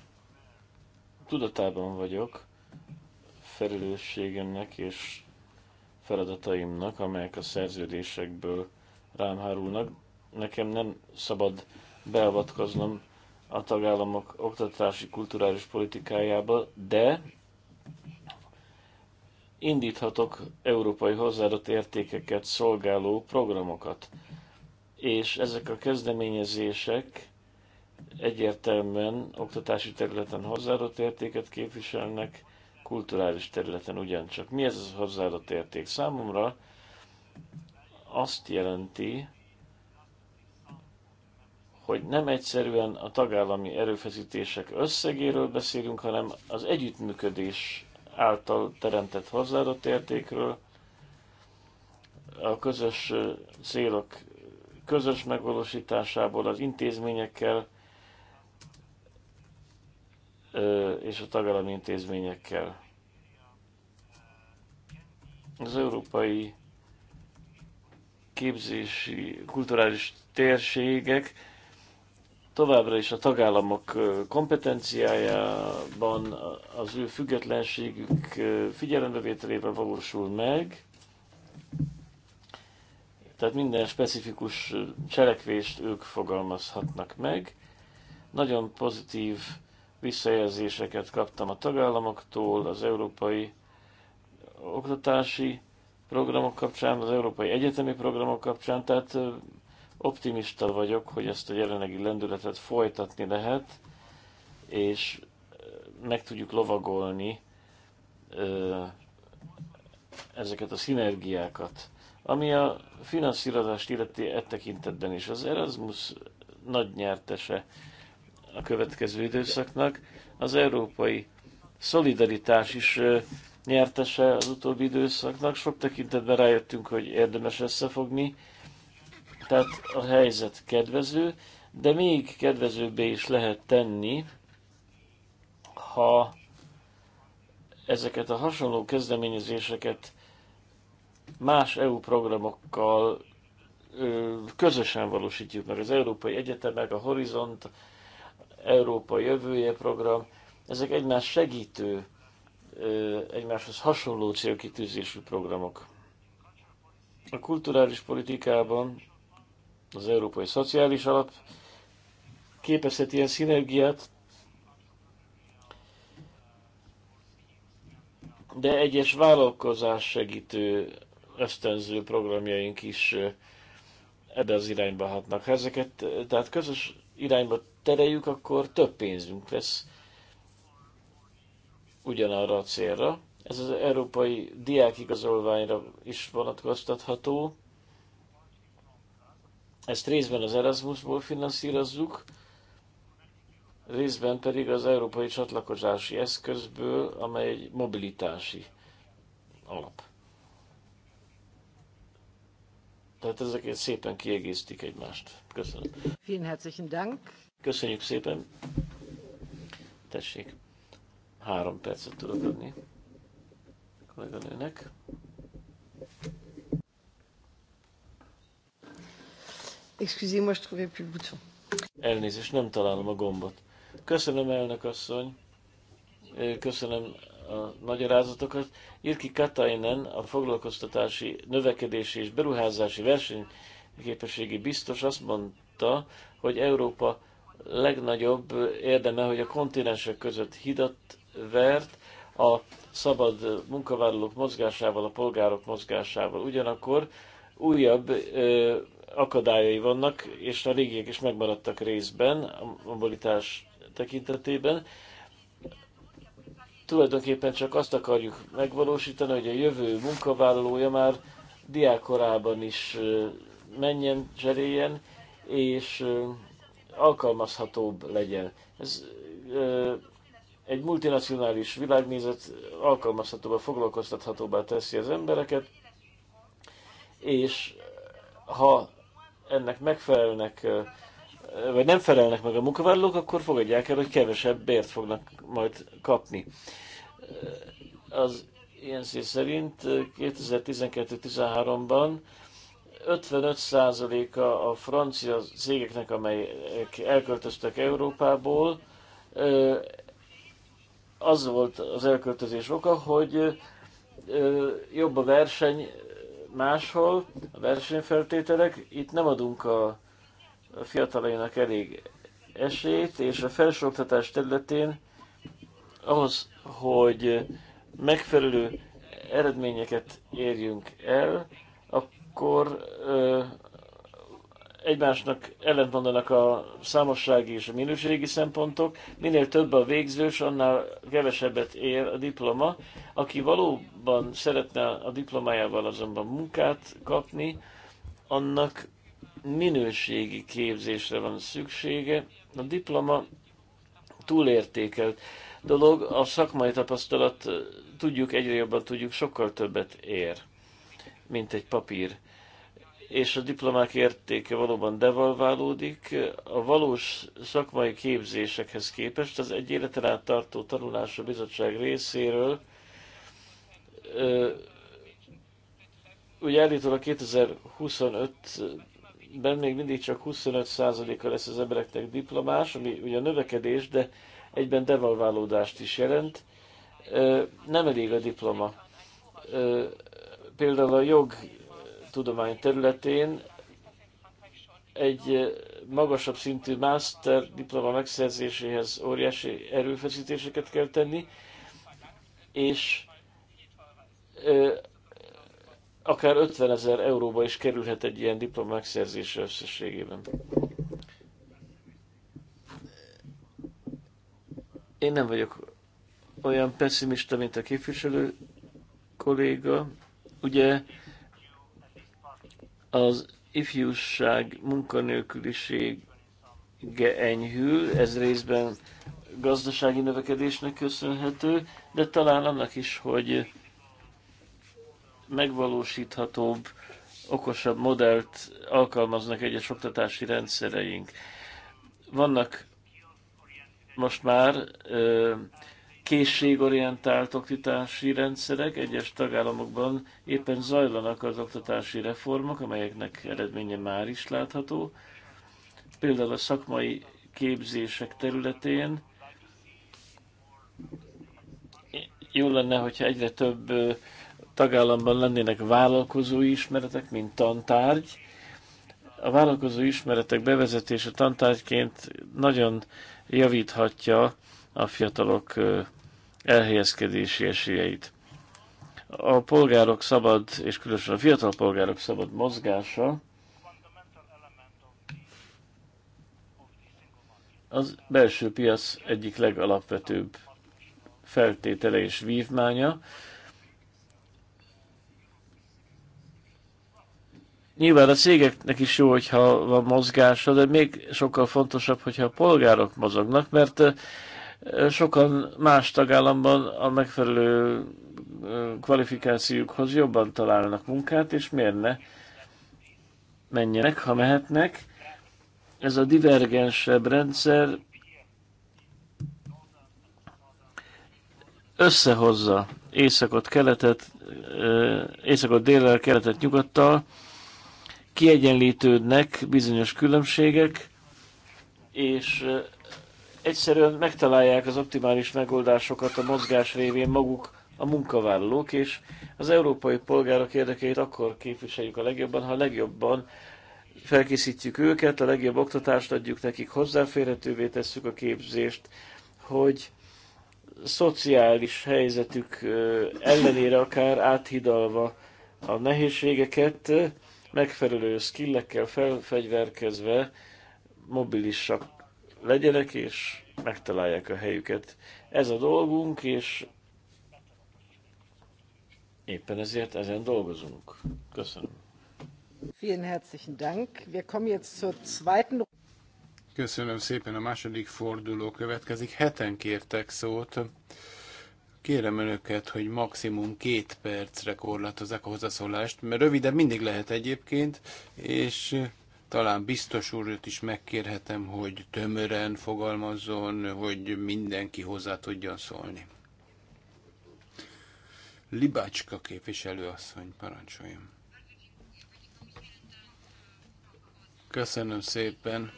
B: Tudatában vagyok felelősségemnek és feladataimnak, amelyek a szerződésekből rám hárulnak. Nekem nem szabad beavatkoznom a tagállamok oktatási kulturális politikájába, de indíthatok európai hozzáadott értékeket szolgáló programokat. És ezek a kezdeményezések egyértelműen oktatási területen hozzáadott értéket képviselnek, kulturális területen ugyancsak. Mi ez a hozzáadott érték? Számomra azt jelenti, hogy nem egyszerűen a tagállami erőfeszítések összegéről beszélünk, hanem az együttműködés által teremtett hozzáadott értékről, a közös célok közös megvalósításából az intézményekkel és a tagállami intézményekkel. Az európai képzési kulturális térségek továbbra is a tagállamok kompetenciájában az ő függetlenségük figyelembevételével valósul meg, tehát minden specifikus cselekvést ők fogalmazhatnak meg. Nagyon pozitív visszajelzéseket kaptam a tagállamoktól, az európai oktatási programok kapcsán, az európai egyetemi programok kapcsán, tehát Optimista vagyok, hogy ezt a jelenlegi lendületet folytatni lehet, és meg tudjuk lovagolni ezeket a szinergiákat. Ami a finanszírozást illeti e tekintetben is, az Erasmus nagy nyertese a következő időszaknak, az európai szolidaritás is nyertese az utóbbi időszaknak. Sok tekintetben rájöttünk, hogy érdemes összefogni, tehát a helyzet kedvező, de még kedvezőbbé is lehet tenni, ha ezeket a hasonló kezdeményezéseket más EU programokkal közösen valósítjuk meg. Az Európai Egyetemek, a Horizont, Európa Jövője program, ezek egymás segítő, egymáshoz hasonló célkitűzésű programok. A kulturális politikában az Európai Szociális Alap képezhet ilyen szinergiát, de egyes vállalkozás segítő ösztönző programjaink is ebbe az irányba hatnak. Ha ezeket tehát közös irányba tereljük, akkor több pénzünk lesz ugyanarra a célra. Ez az európai diákigazolványra is vonatkoztatható. Ezt részben az Erasmusból finanszírozzuk, részben pedig az európai csatlakozási eszközből, amely egy mobilitási alap. Tehát ezeket szépen kiegészítik egymást. Köszönöm.
A: Vielen herzlichen Dank.
B: Köszönjük szépen. Tessék, három percet tudok adni kolléganőnek. Excusez-moi, je trouvais plus le bouton. Elnézést, nem találom a gombot. Köszönöm, elnök asszony. Köszönöm a magyarázatokat. Irki Katainen, a foglalkoztatási, növekedési és beruházási versenyképességi biztos azt mondta, hogy Európa legnagyobb érdeme, hogy a kontinensek között hidat vert, a szabad munkavállalók mozgásával, a polgárok mozgásával. Ugyanakkor újabb ö, akadályai vannak, és a régiek is megmaradtak részben a mobilitás tekintetében. Tulajdonképpen csak azt akarjuk megvalósítani, hogy a jövő munkavállalója már diákorában is menjen, zseréljen, és alkalmazhatóbb legyen. Ez egy multinacionális világnézet alkalmazhatóbbá, foglalkoztathatóbbá teszi az embereket, és ha ennek megfelelnek, vagy nem felelnek meg a munkavállalók, akkor fogadják el, hogy kevesebb bért fognak majd kapni. Az INC szerint 2012-13-ban 55%-a a francia cégeknek, amelyek elköltöztek Európából, az volt az elköltözés oka, hogy jobb a verseny, máshol a versenyfeltételek, itt nem adunk a fiatalainak elég esélyt, és a felsőoktatás területén ahhoz, hogy megfelelő eredményeket érjünk el, akkor egymásnak ellentmondanak a számossági és a minőségi szempontok, minél több a végzős, annál kevesebbet ér a diploma. Aki valóban szeretne a diplomájával azonban munkát kapni, annak minőségi képzésre van szüksége. A diploma túlértékelt dolog, a szakmai tapasztalat tudjuk, egyre jobban tudjuk, sokkal többet ér, mint egy papír és a diplomák értéke valóban devalválódik. A valós szakmai képzésekhez képest az egy életen át tartó tanulás a bizottság részéről ugye állítólag 2025-ben még mindig csak 25%-a lesz az embereknek diplomás, ami ugye növekedés, de egyben devalválódást is jelent. Nem elég a diploma. Például a jog tudomány területén egy eh, magasabb szintű master diploma megszerzéséhez óriási erőfeszítéseket kell tenni, és eh, akár 50 ezer euróba is kerülhet egy ilyen diploma megszerzése összességében. Én nem vagyok olyan pessimista, mint a képviselő kolléga. Ugye az ifjúság munkanélkülisége enyhül, ez részben gazdasági növekedésnek köszönhető, de talán annak is, hogy megvalósíthatóbb, okosabb modellt alkalmaznak egyes oktatási rendszereink. Vannak most már ö, készségorientált oktatási rendszerek, egyes tagállamokban éppen zajlanak az oktatási reformok, amelyeknek eredménye már is látható. Például a szakmai képzések területén jó lenne, hogyha egyre több tagállamban lennének vállalkozói ismeretek, mint tantárgy. A vállalkozó ismeretek bevezetése tantárgyként nagyon javíthatja a fiatalok elhelyezkedési esélyeit. A polgárok szabad, és különösen a fiatal polgárok szabad mozgása az belső piac egyik legalapvetőbb feltétele és vívmánya. Nyilván a cégeknek is jó, hogyha van mozgása, de még sokkal fontosabb, hogyha a polgárok mozognak, mert Sokan más tagállamban a megfelelő kvalifikációkhoz jobban találnak munkát, és miért ne menjenek, ha mehetnek. Ez a divergensebb rendszer összehozza északot, keletet, északot délrel, keletet, nyugattal, kiegyenlítődnek bizonyos különbségek, és egyszerűen megtalálják az optimális megoldásokat a mozgás révén maguk a munkavállalók, és az európai polgárok érdekeit akkor képviseljük a legjobban, ha a legjobban felkészítjük őket, a legjobb oktatást adjuk nekik, hozzáférhetővé tesszük a képzést, hogy szociális helyzetük ellenére akár áthidalva a nehézségeket, megfelelő skillekkel felfegyverkezve mobilisak legyenek, és megtalálják a helyüket. Ez a dolgunk, és éppen ezért ezen dolgozunk. Köszönöm.
A: Vielen herzlichen Dank. Wir kommen jetzt zur zweiten
B: Köszönöm
D: szépen, a második forduló következik. Heten kértek szót. Kérem önöket, hogy maximum két percre korlátozzák a hozzászólást, mert rövidebb mindig lehet egyébként, és talán biztos úrt is megkérhetem, hogy tömören fogalmazzon, hogy mindenki hozzá tudjon szólni. Libácska asszony, parancsoljon. Köszönöm szépen.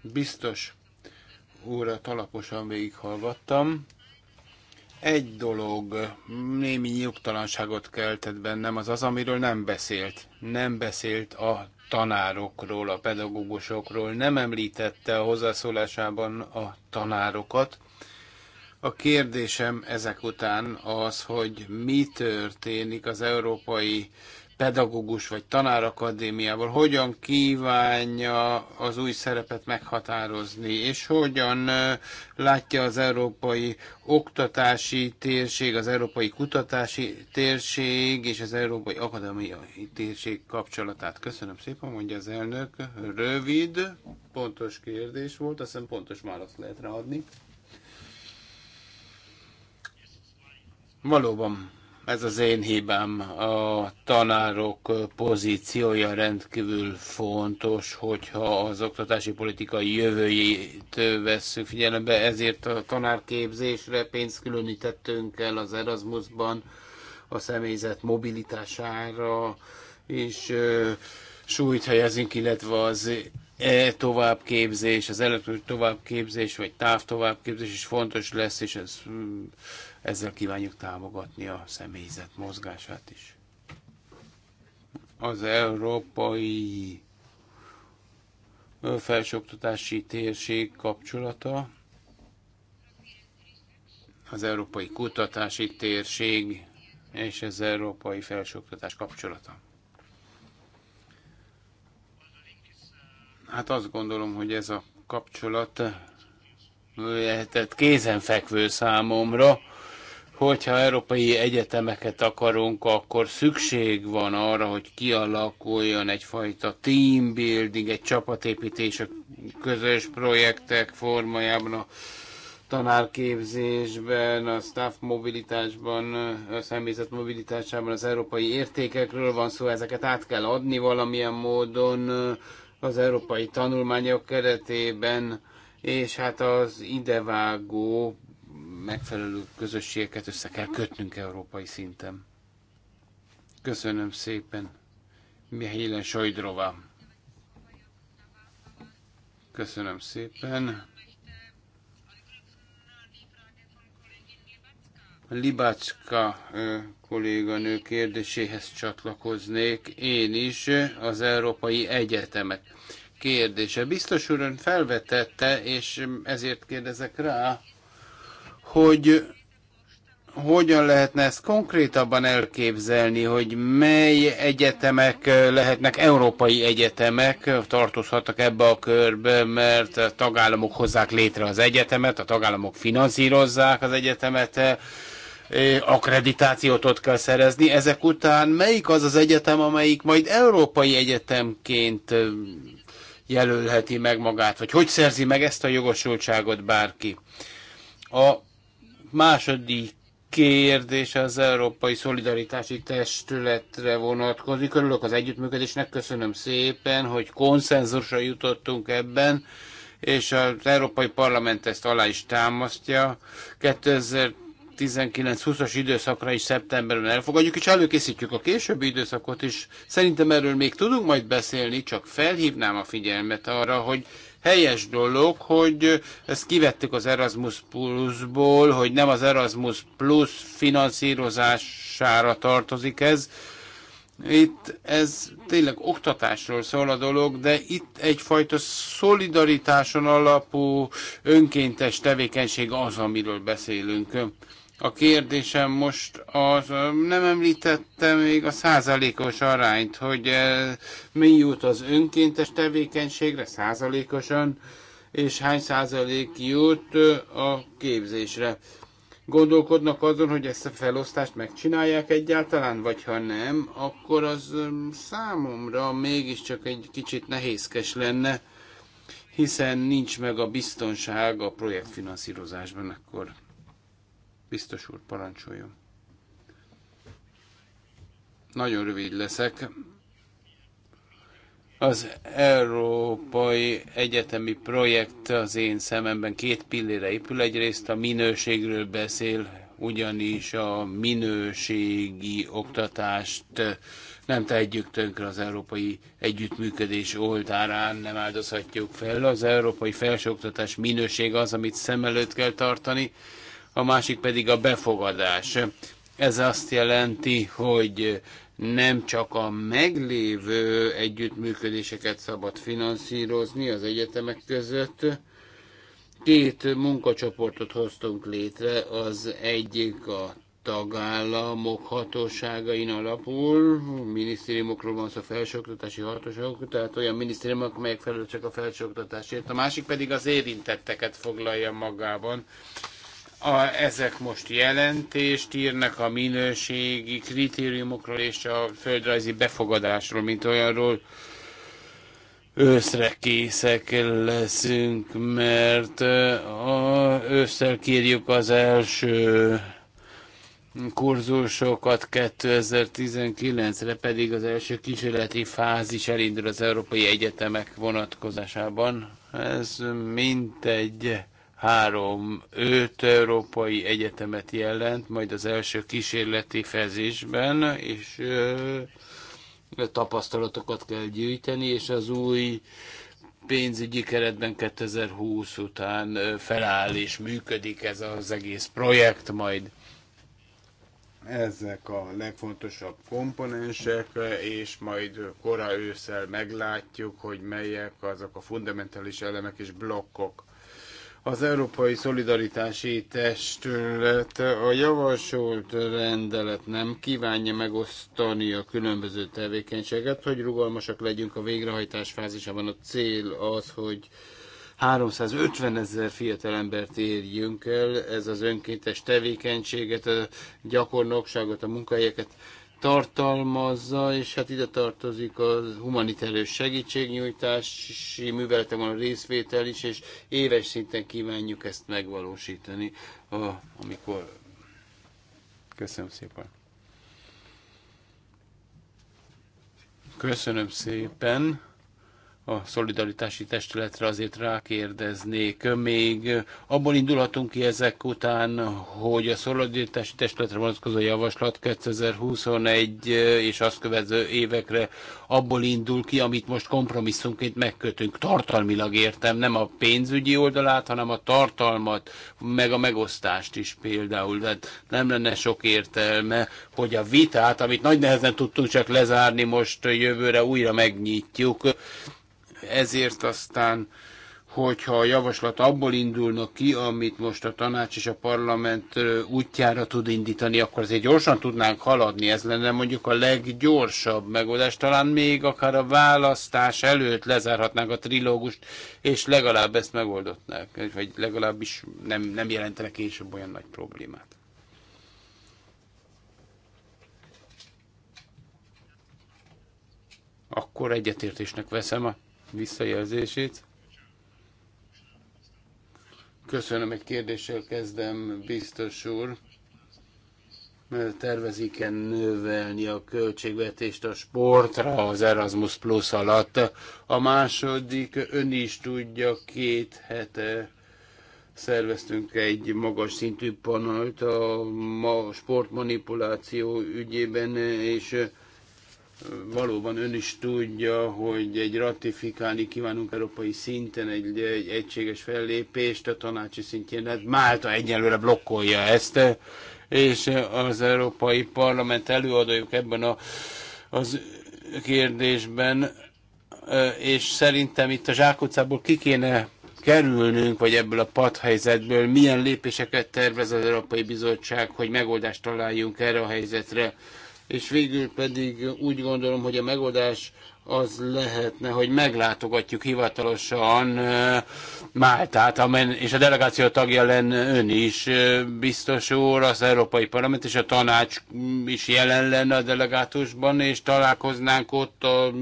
D: Biztos úrat alaposan végighallgattam, egy dolog némi nyugtalanságot keltett bennem, az az, amiről nem beszélt. Nem beszélt a tanárokról, a pedagógusokról, nem említette a hozzászólásában a tanárokat. A kérdésem ezek után az, hogy mi történik az európai pedagógus vagy tanárakadémiával, hogyan kívánja az új szerepet meghatározni, és hogyan látja az európai oktatási térség, az európai kutatási térség és az európai akadémiai térség kapcsolatát. Köszönöm szépen, mondja az elnök. Rövid, pontos kérdés volt, azt hiszem pontos választ lehet ráadni. Valóban ez az én hibám. A tanárok pozíciója rendkívül fontos, hogyha az oktatási politika jövőjét vesszük figyelembe, ezért a tanárképzésre pénzt különítettünk el az Erasmusban, a személyzet mobilitására, és súlyt helyezünk, illetve az e továbbképzés, az elektronikus továbbképzés, vagy táv továbbképzés is fontos lesz, és ez ezzel kívánjuk támogatni a személyzet mozgását is. Az európai felsőoktatási térség kapcsolata, az európai kutatási térség és az európai felsőoktatás kapcsolata. Hát azt gondolom, hogy ez a kapcsolat lehetett kézenfekvő számomra, hogyha európai egyetemeket akarunk, akkor szükség van arra, hogy kialakuljon egyfajta team building, egy csapatépítés a közös projektek formájában a tanárképzésben, a staff mobilitásban, a személyzet mobilitásában az európai értékekről van szó, ezeket át kell adni valamilyen módon az európai tanulmányok keretében, és hát az idevágó megfelelő közösségeket össze kell kötnünk európai szinten. Köszönöm szépen. Mihélen Sajdrova. Köszönöm szépen. Libácska kolléganő kérdéséhez csatlakoznék én is az Európai Egyetemek kérdése. Biztos ön felvetette, és ezért kérdezek rá, hogy hogyan lehetne ezt konkrétabban elképzelni, hogy mely egyetemek lehetnek európai egyetemek, tartozhatnak ebbe a körbe, mert a tagállamok hozzák létre az egyetemet, a tagállamok finanszírozzák az egyetemet, e, e, akkreditációt ott kell szerezni. Ezek után melyik az az egyetem, amelyik majd európai egyetemként e, jelölheti meg magát, vagy hogy szerzi meg ezt a jogosultságot bárki? A Második kérdés az Európai Szolidaritási Testületre vonatkozik. Örülök az együttműködésnek, köszönöm szépen, hogy konszenzusra jutottunk ebben, és az Európai Parlament ezt alá is támasztja. 2019-20-as időszakra is szeptemberben elfogadjuk, és előkészítjük a későbbi időszakot is. Szerintem erről még tudunk majd beszélni, csak felhívnám a figyelmet arra, hogy helyes dolog, hogy ezt kivettük az Erasmus Plus-ból, hogy nem az Erasmus Plus finanszírozására tartozik ez. Itt ez tényleg oktatásról szól a dolog, de itt egyfajta szolidaritáson alapú önkéntes tevékenység az, amiről beszélünk. A kérdésem most az, nem említettem még a százalékos arányt, hogy mi jut az önkéntes tevékenységre százalékosan, és hány százalék jut a képzésre. Gondolkodnak azon, hogy ezt a felosztást megcsinálják egyáltalán, vagy ha nem, akkor az számomra mégiscsak egy kicsit nehézkes lenne, hiszen nincs meg a biztonság a projektfinanszírozásban akkor. Biztos úr, parancsoljon. Nagyon rövid leszek. Az Európai Egyetemi Projekt az én szememben két pillére épül. Egyrészt a minőségről beszél, ugyanis a minőségi oktatást nem tehetjük tönkre az európai együttműködés oltárán, nem áldozhatjuk fel. Az európai felsőoktatás minőség az, amit szem előtt kell tartani, a másik pedig a befogadás. Ez azt jelenti, hogy nem csak a meglévő együttműködéseket szabad finanszírozni az egyetemek között. Két munkacsoportot hoztunk létre, az egyik a tagállamok hatóságain alapul, minisztériumokról van szó, felsőoktatási hatóságok, tehát olyan minisztériumok, amelyek felül csak a felsőoktatásért, a másik pedig az érintetteket foglalja magában, a, ezek most jelentést írnak a minőségi kritériumokról és a földrajzi befogadásról, mint olyanról őszre készek leszünk, mert a, ősszel kérjük az első kurzusokat 2019-re pedig az első kísérleti fázis elindul az Európai Egyetemek vonatkozásában. Ez mint egy három-öt európai egyetemet jelent, majd az első kísérleti fezésben, és ö, tapasztalatokat kell gyűjteni, és az új pénzügyi keretben 2020 után feláll és működik ez az egész projekt majd. Ezek a legfontosabb komponensek, és majd kora ősszel meglátjuk, hogy melyek azok a fundamentális elemek és blokkok, az Európai Szolidaritási Testület a javasolt rendelet nem kívánja megosztani a különböző tevékenységet, hogy rugalmasak legyünk a végrehajtás fázisában. A cél az, hogy 350 ezer embert érjünk el, ez az önkéntes tevékenységet, a gyakornokságot, a munkahelyeket tartalmazza, és hát ide tartozik a humanitárius segítségnyújtási műveletek van a részvétel is, és éves szinten kívánjuk ezt megvalósítani, amikor... Köszönöm szépen. Köszönöm szépen a szolidaritási testületre azért rákérdeznék. Még abból indulhatunk ki ezek után, hogy a szolidaritási testületre vonatkozó javaslat 2021 és azt követő évekre abból indul ki, amit most kompromisszumként megkötünk. Tartalmilag értem, nem a pénzügyi oldalát, hanem a tartalmat, meg a megosztást is például. Tehát nem lenne sok értelme, hogy a vitát, amit nagy nehezen tudtunk csak lezárni, most jövőre újra megnyitjuk ezért aztán, hogyha a javaslat abból indulna ki, amit most a tanács és a parlament útjára tud indítani, akkor azért gyorsan tudnánk haladni. Ez lenne mondjuk a leggyorsabb megoldás. Talán még akár a választás előtt lezárhatnánk a trilógust, és legalább ezt megoldották. Vagy legalábbis nem, nem jelentene később olyan nagy problémát. akkor egyetértésnek veszem a visszajelzését. Köszönöm, egy kérdéssel kezdem, biztos úr. Tervezik-e növelni a költségvetést a sportra az Erasmus Plus alatt? A második, ön is tudja, két hete szerveztünk egy magas szintű panelt a sportmanipuláció ügyében, és valóban ön is tudja, hogy egy ratifikálni kívánunk európai szinten egy, egy egységes fellépést a tanácsi szintjén. Hát Málta egyelőre blokkolja ezt, és az Európai Parlament előadójuk ebben a, az kérdésben, és szerintem itt a zsákutcából ki kéne kerülnünk, vagy ebből a padhelyzetből, milyen lépéseket tervez az Európai Bizottság, hogy megoldást találjunk erre a helyzetre és végül pedig úgy gondolom, hogy a megoldás az lehetne, hogy meglátogatjuk hivatalosan Máltát, amen, és a delegáció tagja lenne ön is, biztos úr, az Európai Parlament és a tanács is jelen lenne a delegátusban, és találkoznánk ott a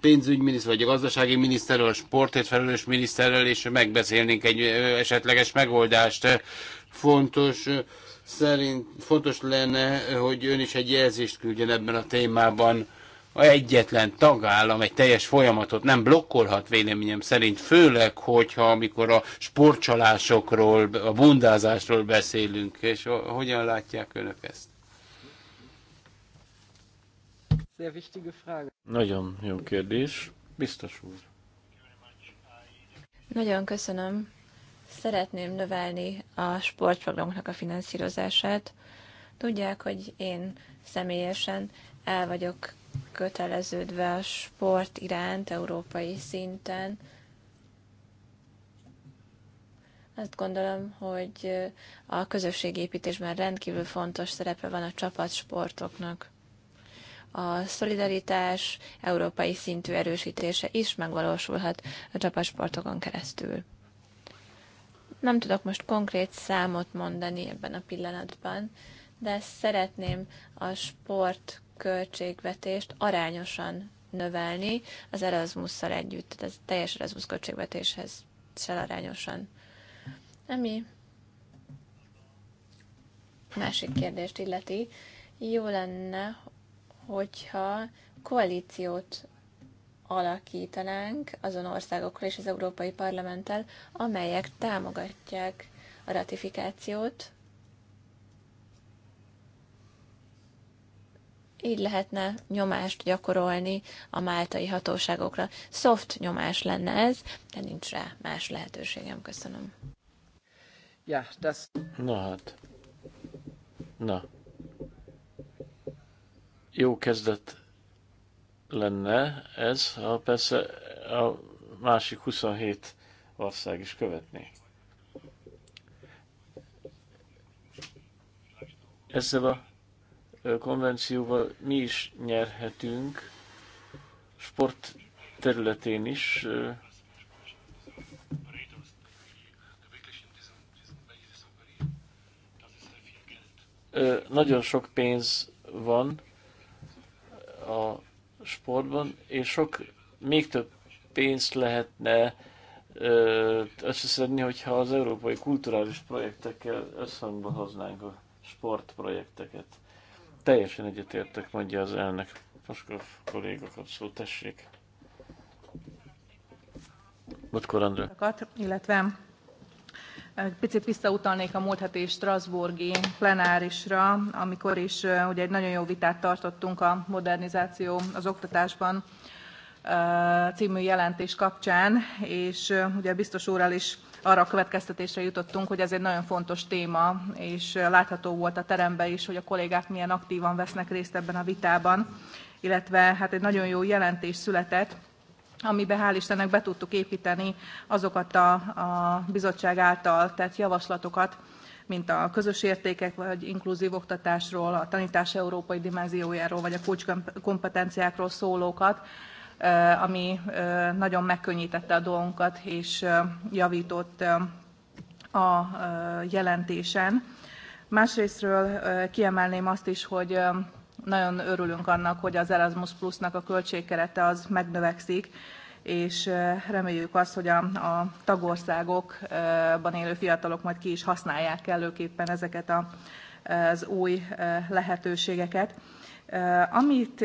D: pénzügyminiszter, vagy a gazdasági miniszterrel, a sportért felelős miniszterrel, és megbeszélnénk egy esetleges megoldást. Fontos, szerint fontos lenne, hogy ön is egy jelzést küldjön ebben a témában. A egyetlen tagállam egy teljes folyamatot nem blokkolhat véleményem szerint, főleg, hogyha amikor a sportcsalásokról, a bundázásról beszélünk,
B: és hogyan látják önök ezt? Nagyon jó kérdés. Biztos úr.
C: Nagyon köszönöm szeretném növelni a sportprogramoknak a finanszírozását. Tudják, hogy én személyesen el vagyok köteleződve a sport iránt európai szinten. Azt gondolom, hogy a közösségépítésben rendkívül fontos szerepe van a csapatsportoknak. A szolidaritás európai szintű erősítése is megvalósulhat a csapatsportokon keresztül. Nem tudok most konkrét számot mondani ebben a pillanatban, de szeretném a sport költségvetést arányosan növelni az Erasmusszal együtt, tehát a teljes Erasmus költségvetéshez arányosan. Ami másik kérdést illeti, jó lenne, hogyha koalíciót alakítanánk azon országokkal és az Európai Parlamenttel, amelyek támogatják a ratifikációt. Így lehetne nyomást gyakorolni a máltai hatóságokra. Soft nyomás lenne ez, de nincs rá más lehetőségem. Köszönöm. Ja, das...
B: Na hát. Na. Jó kezdet lenne ez, ha persze a másik 27 ország is követné. Ezzel a konvencióval mi is nyerhetünk, sport területén is. Nagyon sok pénz van a sportban, és sok még több pénzt lehetne összeszedni, hogyha az európai kulturális projektekkel összhangba hoznánk a sportprojekteket. Teljesen egyetértek, mondja az elnök. Paskov kollégokat szó, tessék. Botkor Andrá.
A: Illetve Picit visszautalnék a múlt heti Strasburgi plenárisra, amikor is ugye egy nagyon jó vitát tartottunk a modernizáció az oktatásban című jelentés kapcsán, és ugye biztos úrral is arra a következtetésre jutottunk, hogy ez egy nagyon fontos téma, és látható volt a teremben is, hogy a kollégák milyen aktívan vesznek részt ebben a vitában, illetve hát egy nagyon jó jelentés született, amiben hál' Istennek be tudtuk építeni azokat a, a bizottság által tett javaslatokat, mint a közös értékek, vagy inkluzív oktatásról, a tanítás európai dimenziójáról, vagy a kulcskompetenciákról szólókat, ami nagyon megkönnyítette a dolgunkat, és javított a jelentésen. Másrésztről kiemelném azt is, hogy nagyon örülünk annak, hogy az Erasmus Plusnak a költségkerete az megnövekszik, és reméljük azt, hogy a, a tagországokban élő fiatalok majd ki is használják kellőképpen ezeket a, az új lehetőségeket. Amit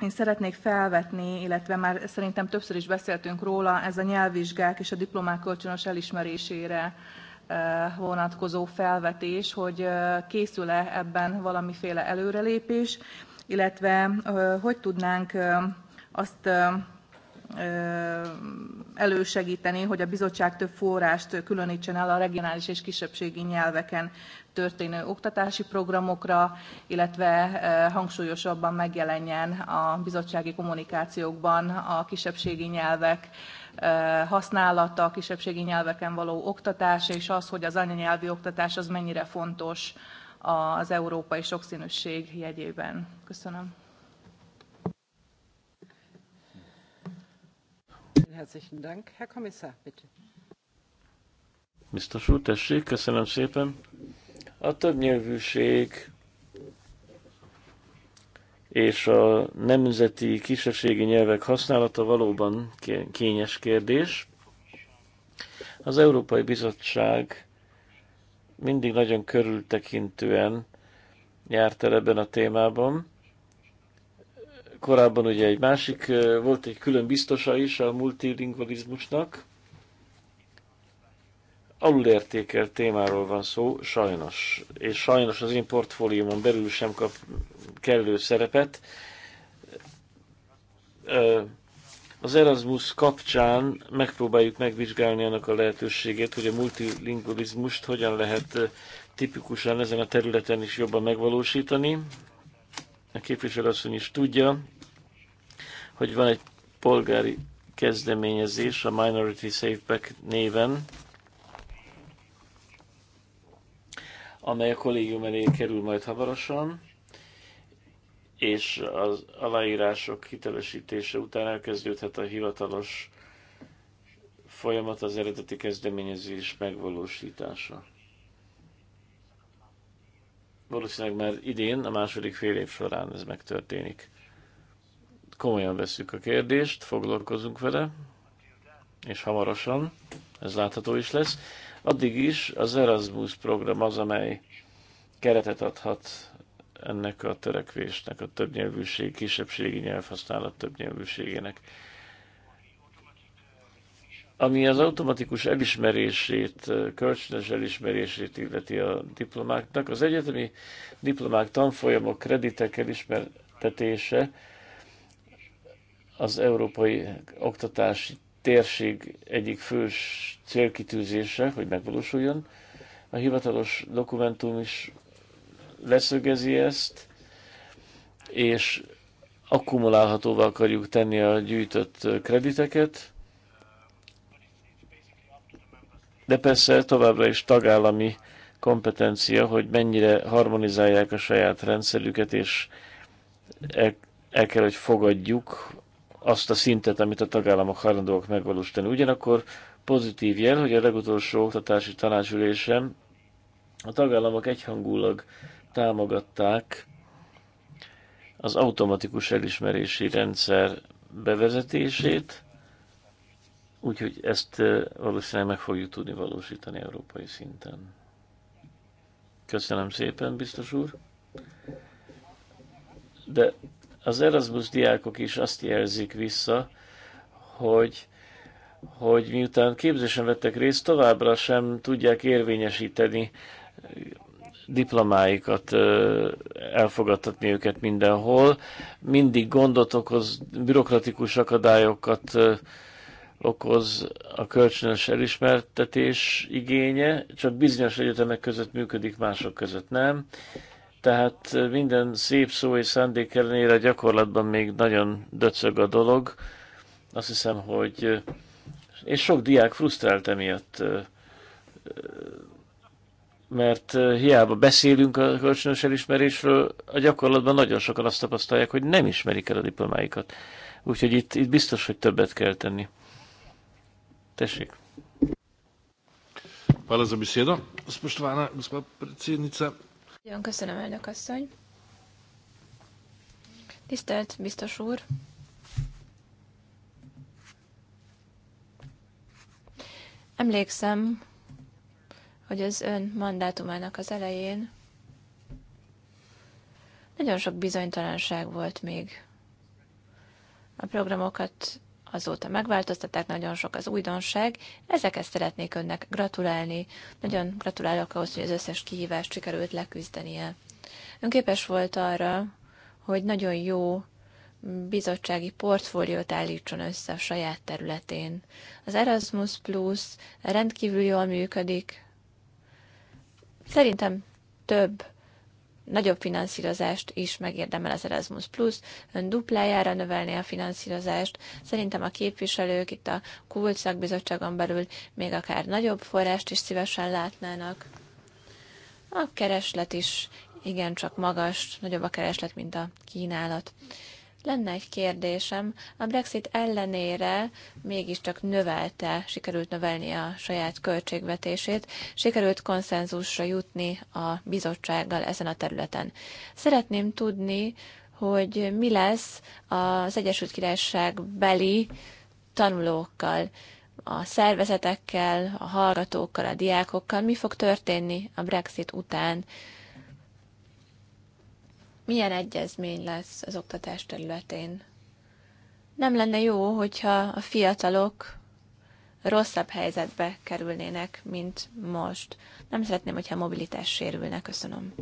A: én szeretnék felvetni, illetve már szerintem többször is beszéltünk róla, ez a nyelvvizsgák és a diplomák kölcsönös elismerésére Eh, vonatkozó felvetés, hogy eh, készül-e ebben valamiféle előrelépés, illetve eh, hogy tudnánk azt elősegíteni, hogy a bizottság több forrást különítsen el a regionális és kisebbségi nyelveken történő oktatási programokra, illetve hangsúlyosabban megjelenjen a bizottsági kommunikációkban a kisebbségi nyelvek használata, a kisebbségi nyelveken való oktatás, és az, hogy az anyanyelvi oktatás az mennyire fontos az európai sokszínűség jegyében. Köszönöm. Herzlichen Dank. Herr Kommissar, bitte.
B: Mr. Schultesség, köszönöm szépen. A többnyelvűség és a nemzeti kisebbségi nyelvek használata valóban kényes kérdés. Az Európai Bizottság mindig nagyon körültekintően járt el ebben a témában. Korábban ugye egy másik, volt egy külön biztosa is a multilingualizmusnak, alulértékelt témáról van szó, sajnos. És sajnos az én portfóliómon belül sem kap kellő szerepet. Az Erasmus kapcsán megpróbáljuk megvizsgálni annak a lehetőségét, hogy a multilingualizmust hogyan lehet tipikusan ezen a területen is jobban megvalósítani. A képviselőasszony is tudja, hogy van egy polgári kezdeményezés a Minority Safe Back néven, amely a kollégium elé kerül majd hamarosan, és az aláírások hitelesítése után elkezdődhet a hivatalos folyamat az eredeti kezdeményezés megvalósítása. Valószínűleg már idén, a második fél év során ez megtörténik. Komolyan veszük a kérdést, foglalkozunk vele, és hamarosan, ez látható is lesz. Addig is az Erasmus program az, amely keretet adhat ennek a törekvésnek, a többnyelvűség, kisebbségi nyelvhasználat többnyelvűségének. Ami az automatikus elismerését, kölcsönös elismerését illeti a diplomáknak, az egyetemi diplomák tanfolyamok kreditek elismertetése az európai oktatási térség egyik fő célkitűzése, hogy megvalósuljon. A hivatalos dokumentum is leszögezi ezt, és akkumulálhatóvá akarjuk tenni a gyűjtött krediteket, de persze továbbra is tagállami kompetencia, hogy mennyire harmonizálják a saját rendszerüket, és el, el kell, hogy fogadjuk azt a szintet, amit a tagállamok hajlandóak megvalósítani. Ugyanakkor pozitív jel, hogy a legutolsó oktatási tanácsülésen a tagállamok egyhangulag támogatták az automatikus elismerési rendszer bevezetését, úgyhogy ezt valószínűleg meg fogjuk tudni valósítani európai szinten. Köszönöm szépen, biztos úr. De az Erasmus diákok is azt jelzik vissza, hogy, hogy miután képzésen vettek részt, továbbra sem tudják érvényesíteni diplomáikat, elfogadtatni őket mindenhol. Mindig gondot okoz, bürokratikus akadályokat okoz a kölcsönös elismertetés igénye, csak bizonyos egyetemek között működik, mások között nem. Tehát minden szép szó és szándék ellenére gyakorlatban még nagyon döcög a dolog. Azt hiszem, hogy és sok diák frusztrált emiatt, mert hiába beszélünk a kölcsönös elismerésről, a gyakorlatban nagyon sokan azt tapasztalják, hogy nem ismerik el a diplomáikat. Úgyhogy itt, itt biztos, hogy többet kell tenni. Tessék! Hvala za besedo, spoštovana gospa predsednica.
C: Nagyon köszönöm, elnök asszony. Tisztelt biztos úr! Emlékszem, hogy az ön mandátumának az elején nagyon sok bizonytalanság volt még. A programokat azóta megváltoztatták, nagyon sok az újdonság. Ezeket szeretnék önnek gratulálni. Nagyon gratulálok ahhoz, hogy az összes kihívást sikerült leküzdenie. Ön képes volt arra, hogy nagyon jó bizottsági portfóliót állítson össze a saját területén. Az Erasmus Plus rendkívül jól működik. Szerintem több nagyobb finanszírozást is megérdemel az Erasmus Plus, ön duplájára növelné a finanszírozást. Szerintem a képviselők itt a Kult szakbizottságon belül még akár nagyobb forrást is szívesen látnának. A kereslet is igencsak magas, nagyobb a kereslet, mint a kínálat. Lenne egy kérdésem, a Brexit ellenére mégiscsak növelte, sikerült növelni a saját költségvetését, sikerült konszenzusra jutni a bizottsággal ezen a területen. Szeretném tudni, hogy mi lesz az Egyesült Királyság beli tanulókkal, a szervezetekkel, a hallgatókkal, a diákokkal, mi fog történni a Brexit után milyen egyezmény lesz az oktatás területén. Nem lenne jó, hogyha a fiatalok rosszabb helyzetbe kerülnének, mint most. Nem szeretném, hogyha a mobilitás sérülne. Köszönöm.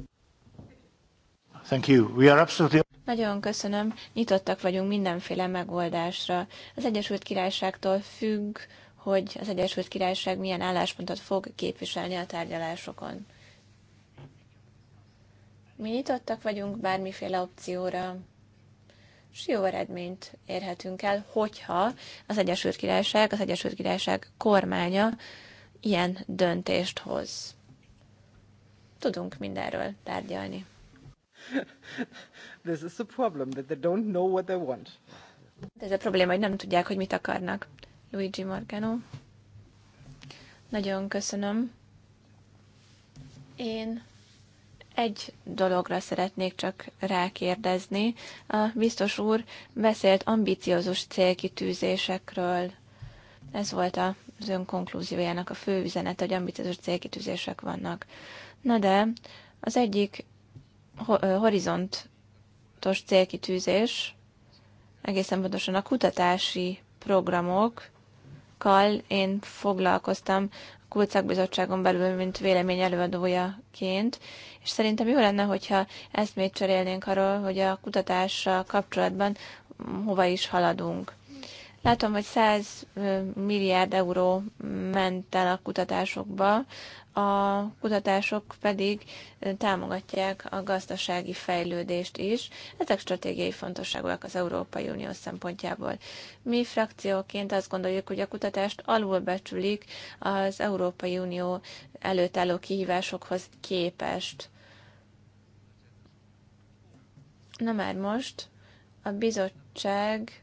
A: Thank you. We are absolutely...
C: Nagyon köszönöm. Nyitottak vagyunk mindenféle megoldásra. Az Egyesült Királyságtól függ, hogy az Egyesült Királyság milyen álláspontot fog képviselni a tárgyalásokon. Mi nyitottak vagyunk bármiféle opcióra, és jó eredményt érhetünk el, hogyha az Egyesült Királyság, az Egyesült Királyság kormánya ilyen döntést hoz. Tudunk mindenről tárgyalni.
B: This is a problem, that they don't know what they want.
C: De ez a probléma, hogy nem tudják, hogy mit akarnak. Luigi Morgano. Nagyon köszönöm. Én egy dologra szeretnék csak rákérdezni. A biztos úr beszélt ambiciózus célkitűzésekről. Ez volt az ön konklúziójának a fő üzenet, hogy ambiciózus célkitűzések vannak. Na de az egyik horizontos célkitűzés, egészen pontosan a kutatási programok kal én foglalkoztam a Kult belül, mint vélemény előadójaként, és szerintem jó lenne, hogyha ezt még cserélnénk arról, hogy a kutatással kapcsolatban hova is haladunk. Látom, hogy 100 milliárd euró ment el a kutatásokba a kutatások pedig támogatják a gazdasági fejlődést is. Ezek stratégiai fontosságúak az Európai Unió szempontjából. Mi frakcióként azt gondoljuk, hogy a kutatást alulbecsülik az Európai Unió előtt álló kihívásokhoz képest. Na már most a bizottság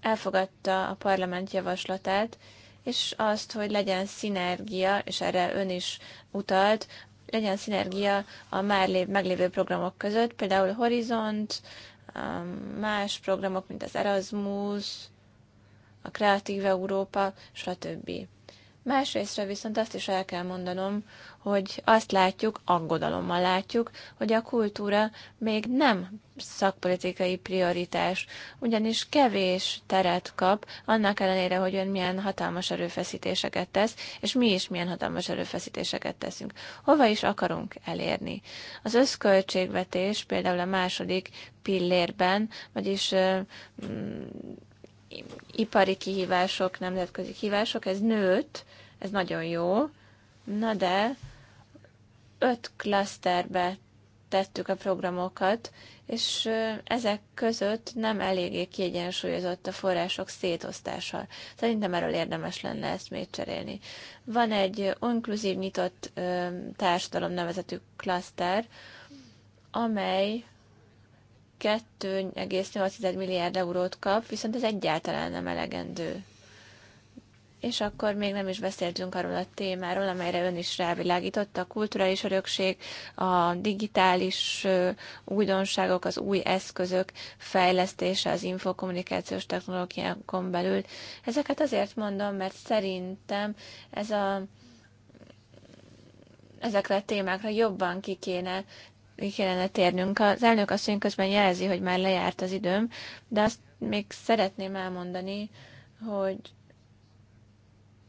C: elfogadta a parlament javaslatát, és azt, hogy legyen szinergia, és erre ön is utalt, legyen szinergia a már lév, meglévő programok között, például Horizont, más programok, mint az Erasmus, a Kreatív Európa, stb másrészt viszont azt is el kell mondanom, hogy azt látjuk, aggodalommal látjuk, hogy a kultúra még nem szakpolitikai prioritás, ugyanis kevés teret kap, annak ellenére, hogy ön milyen hatalmas erőfeszítéseket tesz, és mi is milyen hatalmas erőfeszítéseket teszünk. Hova is akarunk elérni? Az összköltségvetés például a második pillérben, vagyis ipari kihívások, nemzetközi kihívások, ez nőtt, ez nagyon jó, na de öt klaszterbe tettük a programokat, és ezek között nem eléggé kiegyensúlyozott a források szétosztása. Szerintem erről érdemes lenne ezt még cserélni. Van egy inkluzív nyitott társadalom nevezetű klaszter, amely 2,8 milliárd eurót kap, viszont ez egyáltalán nem elegendő. És akkor még nem is beszéltünk arról a témáról, amelyre ön is rávilágított, a kulturális örökség, a digitális újdonságok, az új eszközök fejlesztése az infokommunikációs technológiákon belül. Ezeket azért mondom, mert szerintem ez a ezekre a témákra jobban ki kéne kellene térnünk. Az elnök asszony közben jelzi, hogy már lejárt az időm, de azt még szeretném elmondani, hogy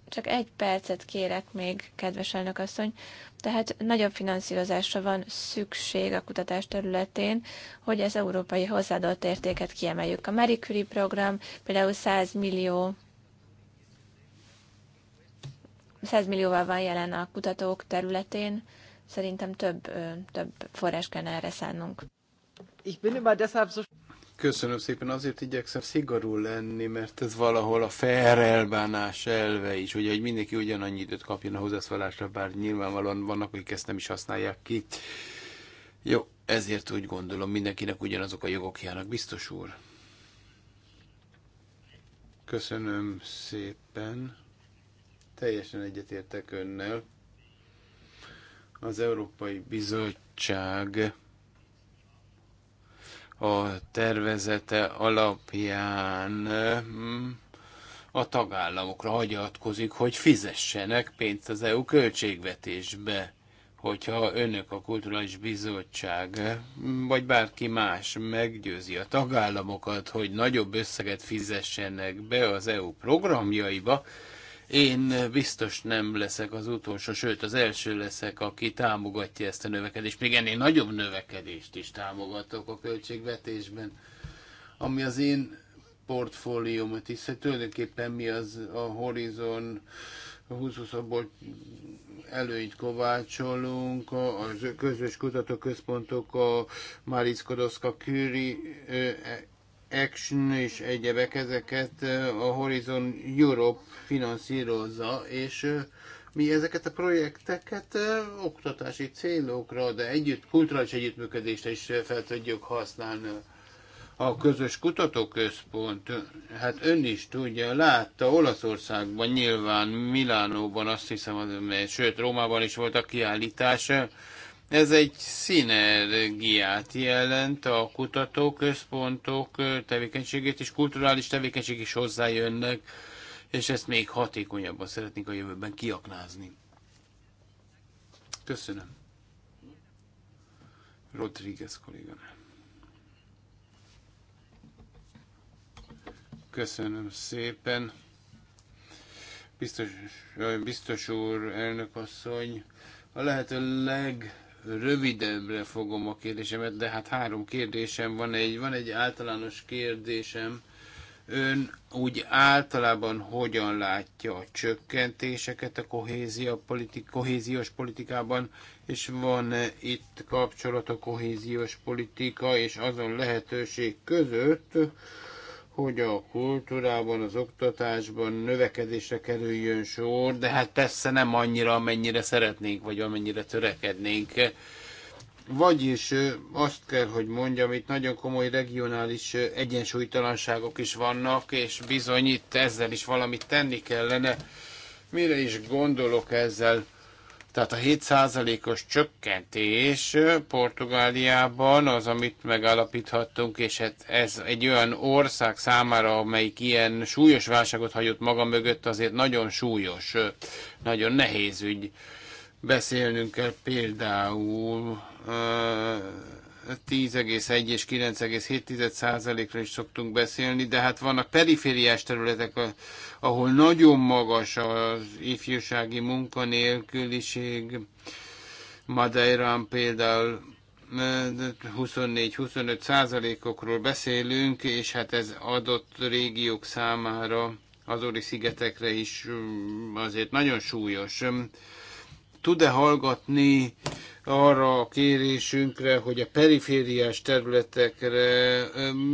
C: csak egy percet kérek még, kedves asszony. Tehát nagyobb finanszírozásra van szükség a kutatás területén, hogy az európai hozzáadott értéket kiemeljük. A Marie Curie program például 100 millió 100 millióval van jelen a kutatók területén, Szerintem több, több forrás kell erre szánnunk.
D: Köszönöm szépen, azért igyekszem szigorú lenni, mert ez valahol a fair elbánás elve is, ugye, hogy mindenki ugyanannyi időt kapjon a hozzászólásra, bár nyilvánvalóan vannak, akik ezt nem is használják ki. Jó, ezért úgy gondolom, mindenkinek ugyanazok a jogok járnak, biztos úr. Köszönöm szépen. Teljesen egyetértek önnel. Az Európai Bizottság a tervezete alapján mm, a tagállamokra hagyatkozik, hogy fizessenek pénzt az EU költségvetésbe hogyha önök a kulturális bizottság, mm, vagy bárki más meggyőzi a tagállamokat, hogy nagyobb összeget fizessenek be az EU programjaiba, én biztos nem leszek az utolsó, sőt az első leszek, aki támogatja ezt a növekedést. Még ennél nagyobb növekedést is támogatok a költségvetésben, ami az én portfóliómat is. Szóval tulajdonképpen mi az a Horizon 20-abból előnyt kovácsolunk, a közös kutatóközpontok, a Máric Kodoszka Küri Action és egyebek, ezeket a Horizon Europe finanszírozza, és mi ezeket a projekteket oktatási célokra, de együtt, kulturális együttműködésre is fel tudjuk használni. A közös kutatóközpont, hát ön is tudja, látta Olaszországban, nyilván Milánóban, azt hiszem, az, sőt Rómában is volt a kiállítás, ez egy szinergiát jelent, a kutatóközpontok tevékenységét és kulturális tevékenység is hozzájönnek, és ezt még hatékonyabban szeretnénk a jövőben kiaknázni. Köszönöm. Rodriguez kolléganő. Köszönöm szépen. Biztos, biztos úr, elnök asszony, a lehető leg rövidebbre fogom a kérdésemet, de hát három kérdésem van. Egy, van egy általános kérdésem. Ön úgy általában hogyan látja a csökkentéseket a kohézia politi- kohéziós politikában, és van -e itt kapcsolat a kohéziós politika és azon lehetőség között, hogy a kultúrában, az oktatásban növekedésre kerüljön sor, de hát persze nem annyira, amennyire szeretnénk, vagy amennyire törekednénk. Vagyis azt kell, hogy mondjam, itt nagyon komoly regionális egyensúlytalanságok is vannak, és bizony itt ezzel is valamit tenni kellene. Mire is gondolok ezzel? Tehát a 7%-os csökkentés Portugáliában az, amit megállapíthattunk, és hát ez egy olyan ország számára, amelyik ilyen súlyos válságot hagyott maga mögött, azért nagyon súlyos, nagyon nehéz ügy. Beszélnünk kell például 10,1 és 9,7 ra is szoktunk beszélni, de hát vannak perifériás területek, ahol nagyon magas az ifjúsági munkanélküliség, Madeirán például 24-25 eh, százalékokról beszélünk, és hát ez adott régiók számára, azori szigetekre is mm, azért nagyon súlyos. Tud-e hallgatni arra a kérésünkre, hogy a perifériás területekre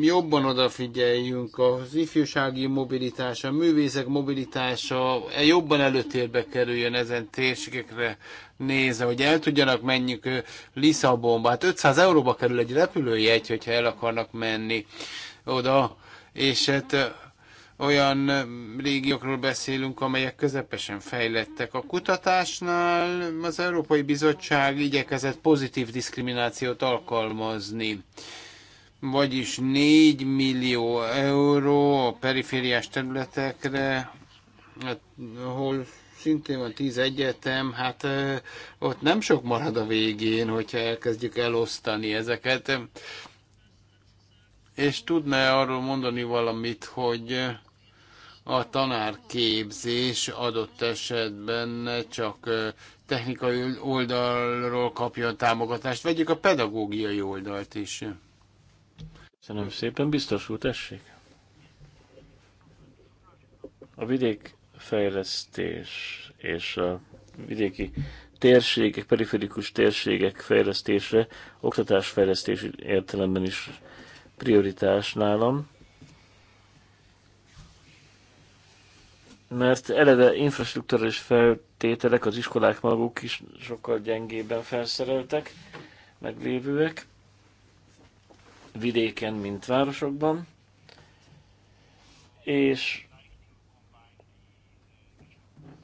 D: jobban odafigyeljünk, az ifjúsági mobilitása, a művészek mobilitása e jobban előtérbe kerüljön ezen térségekre nézve, hogy el tudjanak menni Lisszabonba. Hát 500 euróba kerül egy repülőjegy, hogyha el akarnak menni oda, és hát olyan régiókról beszélünk, amelyek közepesen fejlettek. A kutatásnál az Európai Bizottság igyekezett pozitív diszkriminációt alkalmazni. Vagyis 4 millió euró a perifériás területekre, hát, ahol szintén van 10 egyetem, hát ott nem sok marad a végén, hogyha elkezdjük elosztani ezeket. És tudná -e arról mondani valamit, hogy a tanárképzés adott esetben ne csak technikai oldalról kapjon támogatást. Vegyük a pedagógiai oldalt is.
B: Köszönöm szépen, biztos úr, tessék. A vidékfejlesztés és a vidéki térségek, periférikus térségek fejlesztésre, oktatásfejlesztés értelemben is prioritás nálam. mert eleve infrastruktúrális feltételek, az iskolák maguk is sokkal gyengébben felszereltek, meglévőek, vidéken, mint városokban, és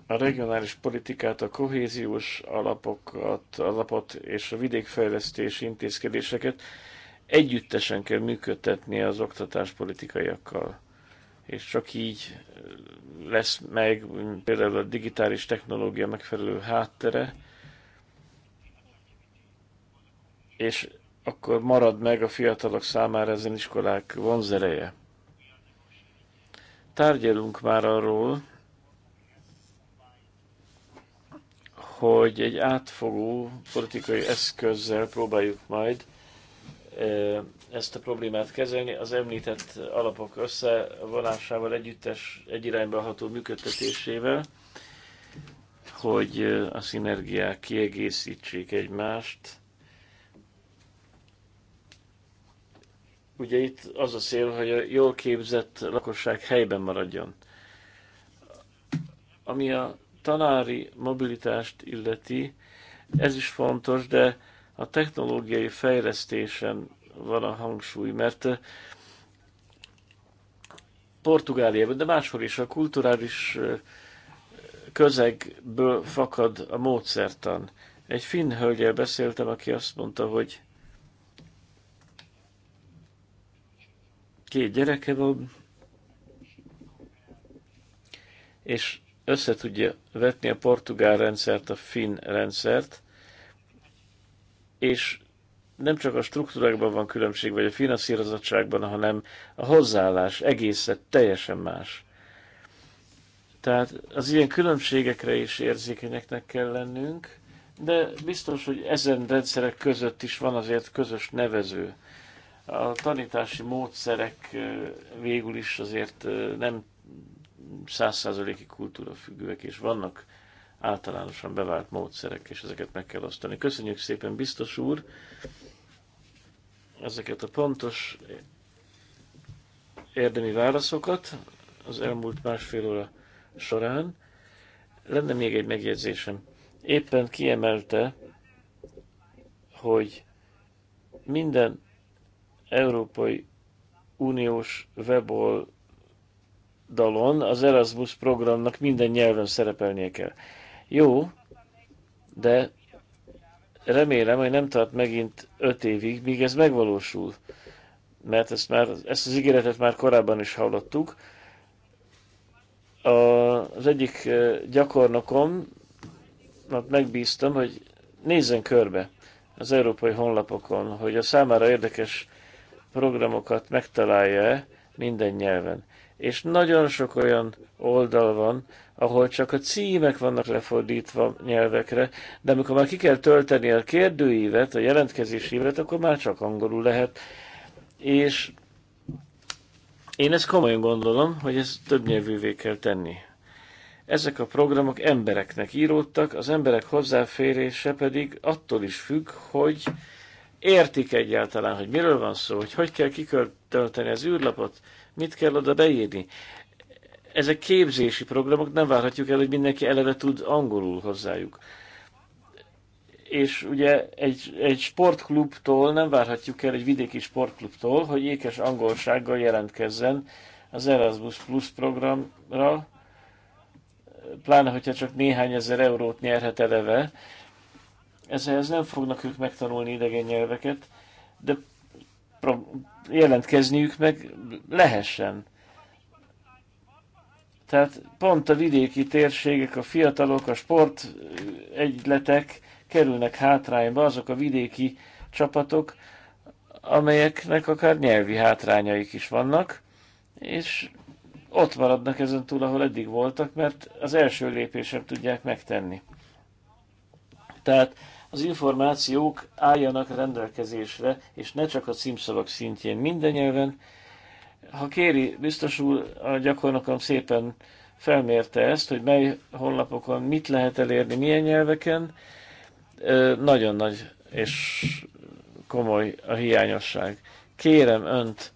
B: a regionális politikát, a kohéziós alapokat, alapot és a vidékfejlesztési intézkedéseket együttesen kell működtetni az oktatáspolitikaiakkal és csak így lesz meg például a digitális technológia megfelelő háttere, és akkor marad meg a fiatalok számára ezen iskolák vonzereje. Tárgyalunk már arról, hogy egy átfogó politikai eszközzel próbáljuk majd eh, ezt a problémát kezelni. Az említett alapok összevonásával együttes egy irányba ható működtetésével, hogy a szinergiák kiegészítsék egymást. Ugye itt az a cél, hogy a jól képzett lakosság helyben maradjon. Ami a tanári mobilitást illeti, ez is fontos, de a technológiai fejlesztésen van a hangsúly, mert eh, Portugáliában, de máshol is a kulturális eh, közegből fakad a módszertan. Egy finn hölgyel beszéltem, aki azt mondta, hogy két gyereke van, és össze tudja vetni a portugál rendszert, a finn rendszert, és nem csak a struktúrákban van különbség, vagy a finanszírozottságban, hanem a hozzáállás egészet teljesen más. Tehát az ilyen különbségekre is érzékenyeknek kell lennünk, de biztos, hogy ezen rendszerek között is van azért közös nevező. A tanítási módszerek végül is azért nem százszázaléki kultúra függőek, és vannak általánosan bevált módszerek, és ezeket meg kell osztani. Köszönjük szépen, biztos úr, ezeket a pontos érdemi válaszokat az elmúlt másfél óra során. Lenne még egy megjegyzésem. Éppen kiemelte, hogy minden Európai Uniós weboldalon az Erasmus programnak minden nyelven szerepelnie kell. Jó, de remélem, hogy nem tart megint öt évig, míg ez megvalósul. Mert ezt, már, ezt az ígéretet már korábban is hallottuk. A, az egyik eh, gyakornokom hát megbíztam, hogy nézzen körbe az európai honlapokon, hogy a számára érdekes programokat megtalálja minden nyelven és nagyon sok olyan oldal van, ahol csak a címek vannak lefordítva nyelvekre, de amikor már ki kell tölteni a kérdőívet, a jelentkezési évet, akkor már csak angolul lehet. És én ezt komolyan gondolom, hogy ezt több nyelvűvé kell tenni. Ezek a programok embereknek íródtak, az emberek hozzáférése pedig attól is függ, hogy értik egyáltalán, hogy miről van szó, hogy hogy kell kikölteni az űrlapot, Mit kell oda beírni? Ezek képzési programok, nem várhatjuk el, hogy mindenki eleve tud angolul hozzájuk. És ugye egy, egy sportklubtól nem várhatjuk el, egy vidéki sportklubtól, hogy ékes angolsággal jelentkezzen az Erasmus Plus programra, pláne hogyha csak néhány ezer eurót nyerhet eleve, ezzel nem fognak ők megtanulni idegen nyelveket, de jelentkezniük meg lehessen. Tehát pont a vidéki térségek, a fiatalok, a sport egyletek kerülnek hátrányba, azok a vidéki csapatok, amelyeknek akár nyelvi hátrányaik is vannak, és ott maradnak ezen túl, ahol eddig voltak, mert az első lépésem tudják megtenni. Tehát az információk álljanak rendelkezésre, és ne csak a címszavak szintjén minden nyelven. Ha kéri, biztos úr, a gyakornokom szépen felmérte ezt, hogy mely honlapokon mit lehet elérni, milyen nyelveken. Nagyon nagy és komoly a hiányosság. Kérem önt,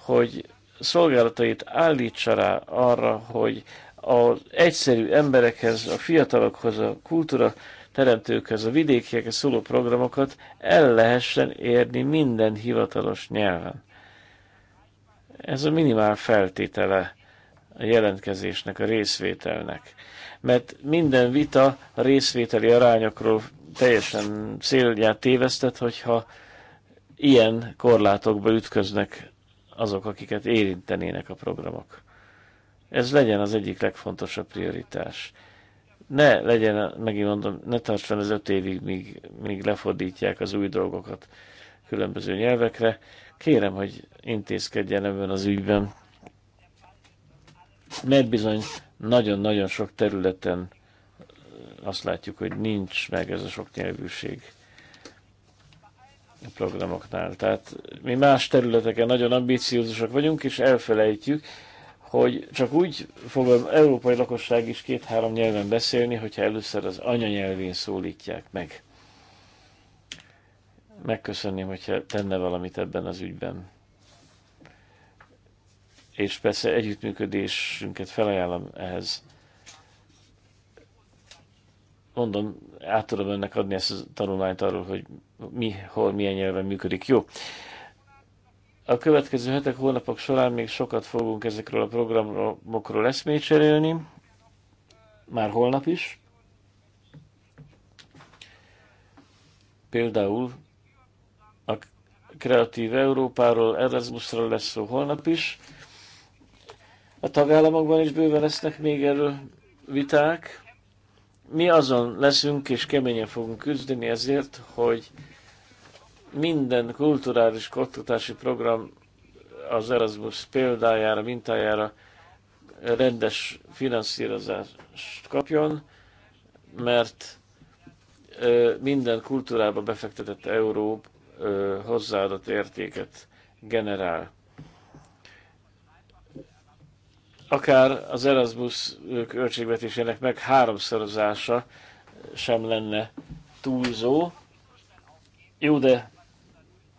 B: hogy szolgálatait állítsa rá arra, hogy az egyszerű emberekhez, a fiatalokhoz, a kultúra teremtőkhez, a vidékiekhez szóló programokat el lehessen érni minden hivatalos nyelven. Ez a minimál feltétele a jelentkezésnek, a részvételnek. Mert minden vita a részvételi arányokról teljesen célját tévesztett, hogyha ilyen korlátokba ütköznek azok, akiket érintenének a programok. Ez legyen az egyik legfontosabb prioritás ne legyen, megint mondom, ne tart fel az öt évig, míg, míg lefordítják az új dolgokat különböző nyelvekre. Kérem, hogy intézkedjen ebben az ügyben, mert bizony nagyon-nagyon sok területen azt látjuk, hogy nincs meg ez a sok nyelvűség a programoknál. Tehát mi más területeken nagyon ambíciózusak vagyunk, és elfelejtjük, hogy csak úgy fog az európai lakosság is két-három nyelven beszélni, hogyha először az anyanyelvén szólítják meg. Megköszönném, hogyha tenne valamit ebben az ügyben. És persze együttműködésünket felajánlom ehhez. Mondom, át tudom önnek adni ezt a tanulmányt arról, hogy mi, hol, milyen nyelven működik. Jó. A következő hetek, hónapok során még sokat fogunk ezekről a programokról eszmét cserélni, már holnap is. Például a Kreatív Európáról, Erasmusról lesz szó holnap is. A tagállamokban is bőven lesznek még erről viták. Mi azon leszünk és keményen fogunk küzdeni ezért, hogy minden kulturális oktatási program az Erasmus példájára, mintájára rendes finanszírozást kapjon, mert minden kultúrába befektetett euró hozzáadott értéket generál. Akár az Erasmus költségvetésének meg háromszorozása sem lenne túlzó. Jó, de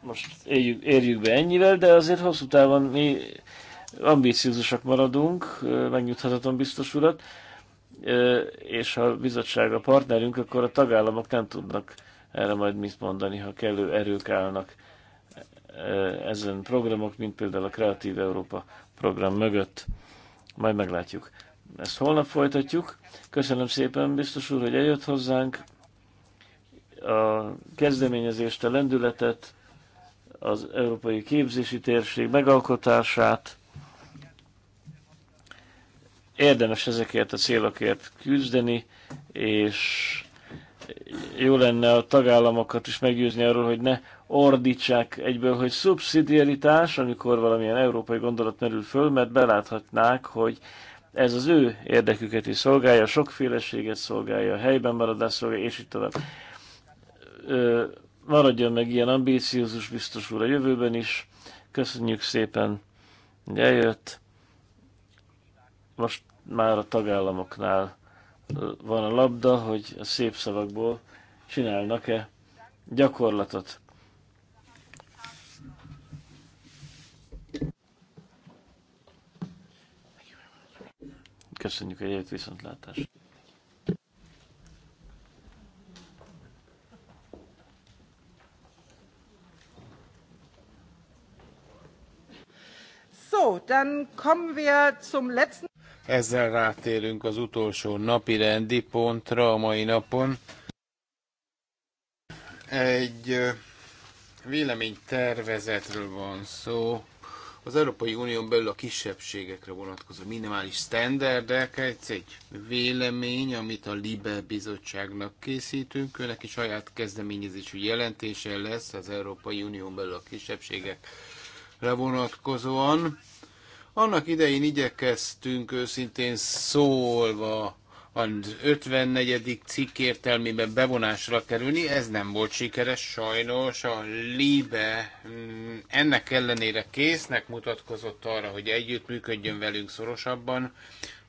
B: most érjük, érjük be ennyivel, de azért hosszú távon mi ambíciózusak maradunk, megnyugtathatom biztos urat, és ha a bizottság a partnerünk, akkor a tagállamok nem tudnak erre majd mit mondani, ha kellő erők állnak ezen programok, mint például a Kreatív Európa program mögött. Majd meglátjuk. Ezt holnap folytatjuk. Köszönöm szépen, biztos úr, hogy eljött hozzánk. A kezdeményezést, a lendületet, az európai képzési térség megalkotását. Érdemes ezekért a célokért küzdeni, és jó lenne a tagállamokat is meggyőzni arról, hogy ne ordítsák egyből, hogy szubszidiaritás, amikor valamilyen európai gondolat merül föl, mert beláthatnák, hogy ez az ő érdeküket is szolgálja, sokféleséget szolgálja, helyben maradás szolgálja, és így tovább. Ö, maradjon meg ilyen ambíciózus biztos úr a jövőben is. Köszönjük szépen, hogy eljött. Most már a tagállamoknál van a labda, hogy a szép szavakból csinálnak-e gyakorlatot. Köszönjük a jövőt viszontlátást!
A: dann kommen wir zum letzten.
D: Ezzel rátérünk az utolsó napi rendi pontra a mai napon. Egy véleménytervezetről van szó. Az Európai Unión belül a kisebbségekre vonatkozó minimális sztenderdek. Ez egy vélemény, amit a Libe Bizottságnak készítünk. Őnek is saját kezdeményezésű jelentése lesz az Európai Unión belül a kisebbségekre vonatkozóan. Annak idején igyekeztünk őszintén szólva az 54. cikk értelmében bevonásra kerülni, ez nem volt sikeres, sajnos a Libe mm, ennek ellenére késznek mutatkozott arra, hogy együttműködjön velünk szorosabban,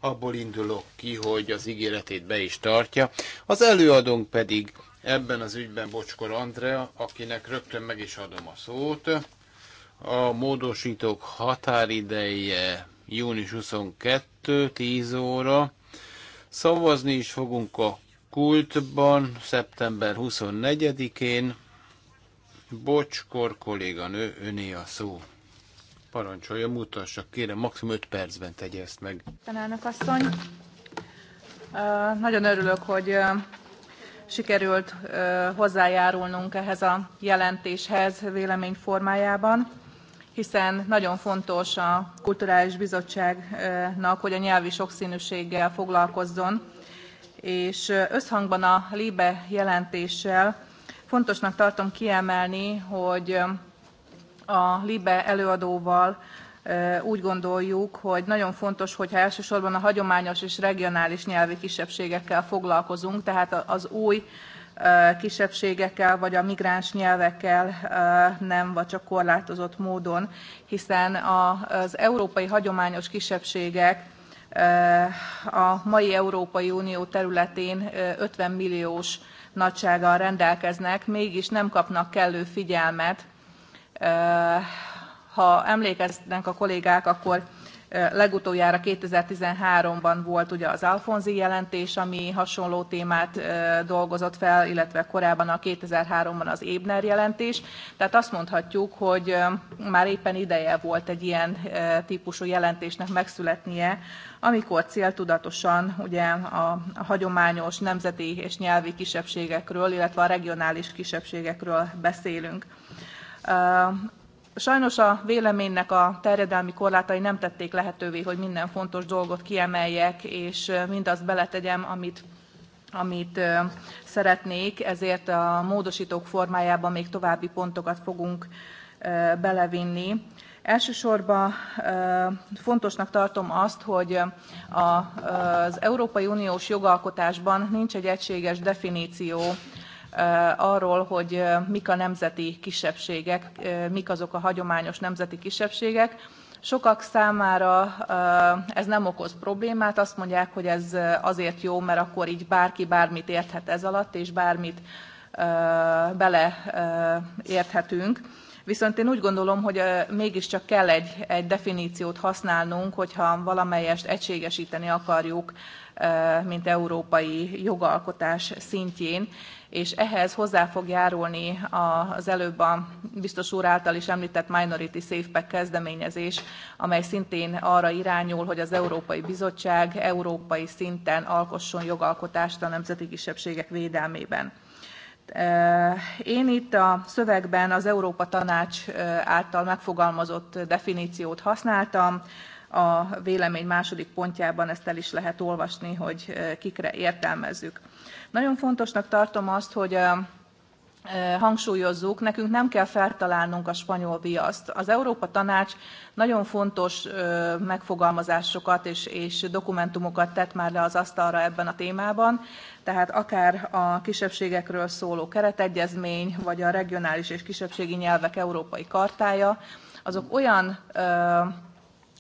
D: abból indulok ki, hogy az ígéretét be is tartja. Az előadónk pedig ebben az ügyben Bocskor Andrea, akinek rögtön meg is adom a szót. A módosítók határideje június 22, 10 óra. Szavazni is fogunk a kultban szeptember 24-én. Bocskor kolléganő, öné a szó. Parancsolja, mutassa, kérem, maximum 5 percben tegye ezt meg.
A: Tanának asszony, nagyon örülök, hogy sikerült hozzájárulnunk ehhez a jelentéshez vélemény formájában hiszen nagyon fontos a Kulturális Bizottságnak, hogy a nyelvi sokszínűséggel foglalkozzon, és összhangban a LIBE jelentéssel fontosnak tartom kiemelni, hogy a LIBE előadóval úgy gondoljuk, hogy nagyon fontos, hogyha elsősorban a hagyományos és regionális nyelvi kisebbségekkel foglalkozunk, tehát az új kisebbségekkel vagy a migráns nyelvekkel nem, vagy csak korlátozott módon, hiszen az európai hagyományos kisebbségek a mai Európai Unió területén 50 milliós nagysággal rendelkeznek, mégis nem kapnak kellő figyelmet. Ha emlékeznek a kollégák, akkor Legutoljára 2013-ban volt ugye az Alfonzi jelentés, ami hasonló témát dolgozott fel, illetve korábban a 2003-ban az Ébner jelentés. Tehát azt mondhatjuk, hogy már éppen ideje volt egy ilyen típusú jelentésnek megszületnie, amikor céltudatosan ugye a, hagyományos nemzeti és nyelvi kisebbségekről, illetve a regionális kisebbségekről beszélünk. Sajnos a véleménynek a terjedelmi korlátai nem tették lehetővé, hogy minden fontos dolgot kiemeljek, és mindazt beletegyem, amit amit szeretnék, ezért a módosítók formájában még további pontokat fogunk belevinni. Elsősorban fontosnak tartom azt, hogy az Európai Uniós jogalkotásban nincs egy egységes definíció arról, hogy mik a nemzeti kisebbségek, mik azok a hagyományos nemzeti kisebbségek. Sokak számára ez nem okoz problémát, azt mondják, hogy ez azért jó, mert akkor így bárki bármit érthet ez alatt, és bármit bele érthetünk. Viszont én úgy gondolom, hogy mégiscsak kell egy, egy definíciót használnunk, hogyha valamelyest egységesíteni akarjuk mint európai jogalkotás szintjén, és ehhez hozzá fog járulni az előbb a biztos úr által is említett Minority Safe Pack kezdeményezés, amely szintén arra irányul, hogy az Európai Bizottság európai szinten alkosson jogalkotást a nemzeti kisebbségek védelmében. Én itt a szövegben az Európa Tanács által megfogalmazott definíciót használtam, a vélemény második pontjában ezt el is lehet olvasni, hogy kikre értelmezzük. Nagyon fontosnak tartom azt, hogy hangsúlyozzuk, nekünk nem kell feltalálnunk a spanyol viaszt. Az Európa Tanács nagyon fontos megfogalmazásokat és, és dokumentumokat tett már le az asztalra ebben a témában, tehát akár a kisebbségekről szóló keretegyezmény, vagy a regionális és kisebbségi nyelvek európai kartája, azok olyan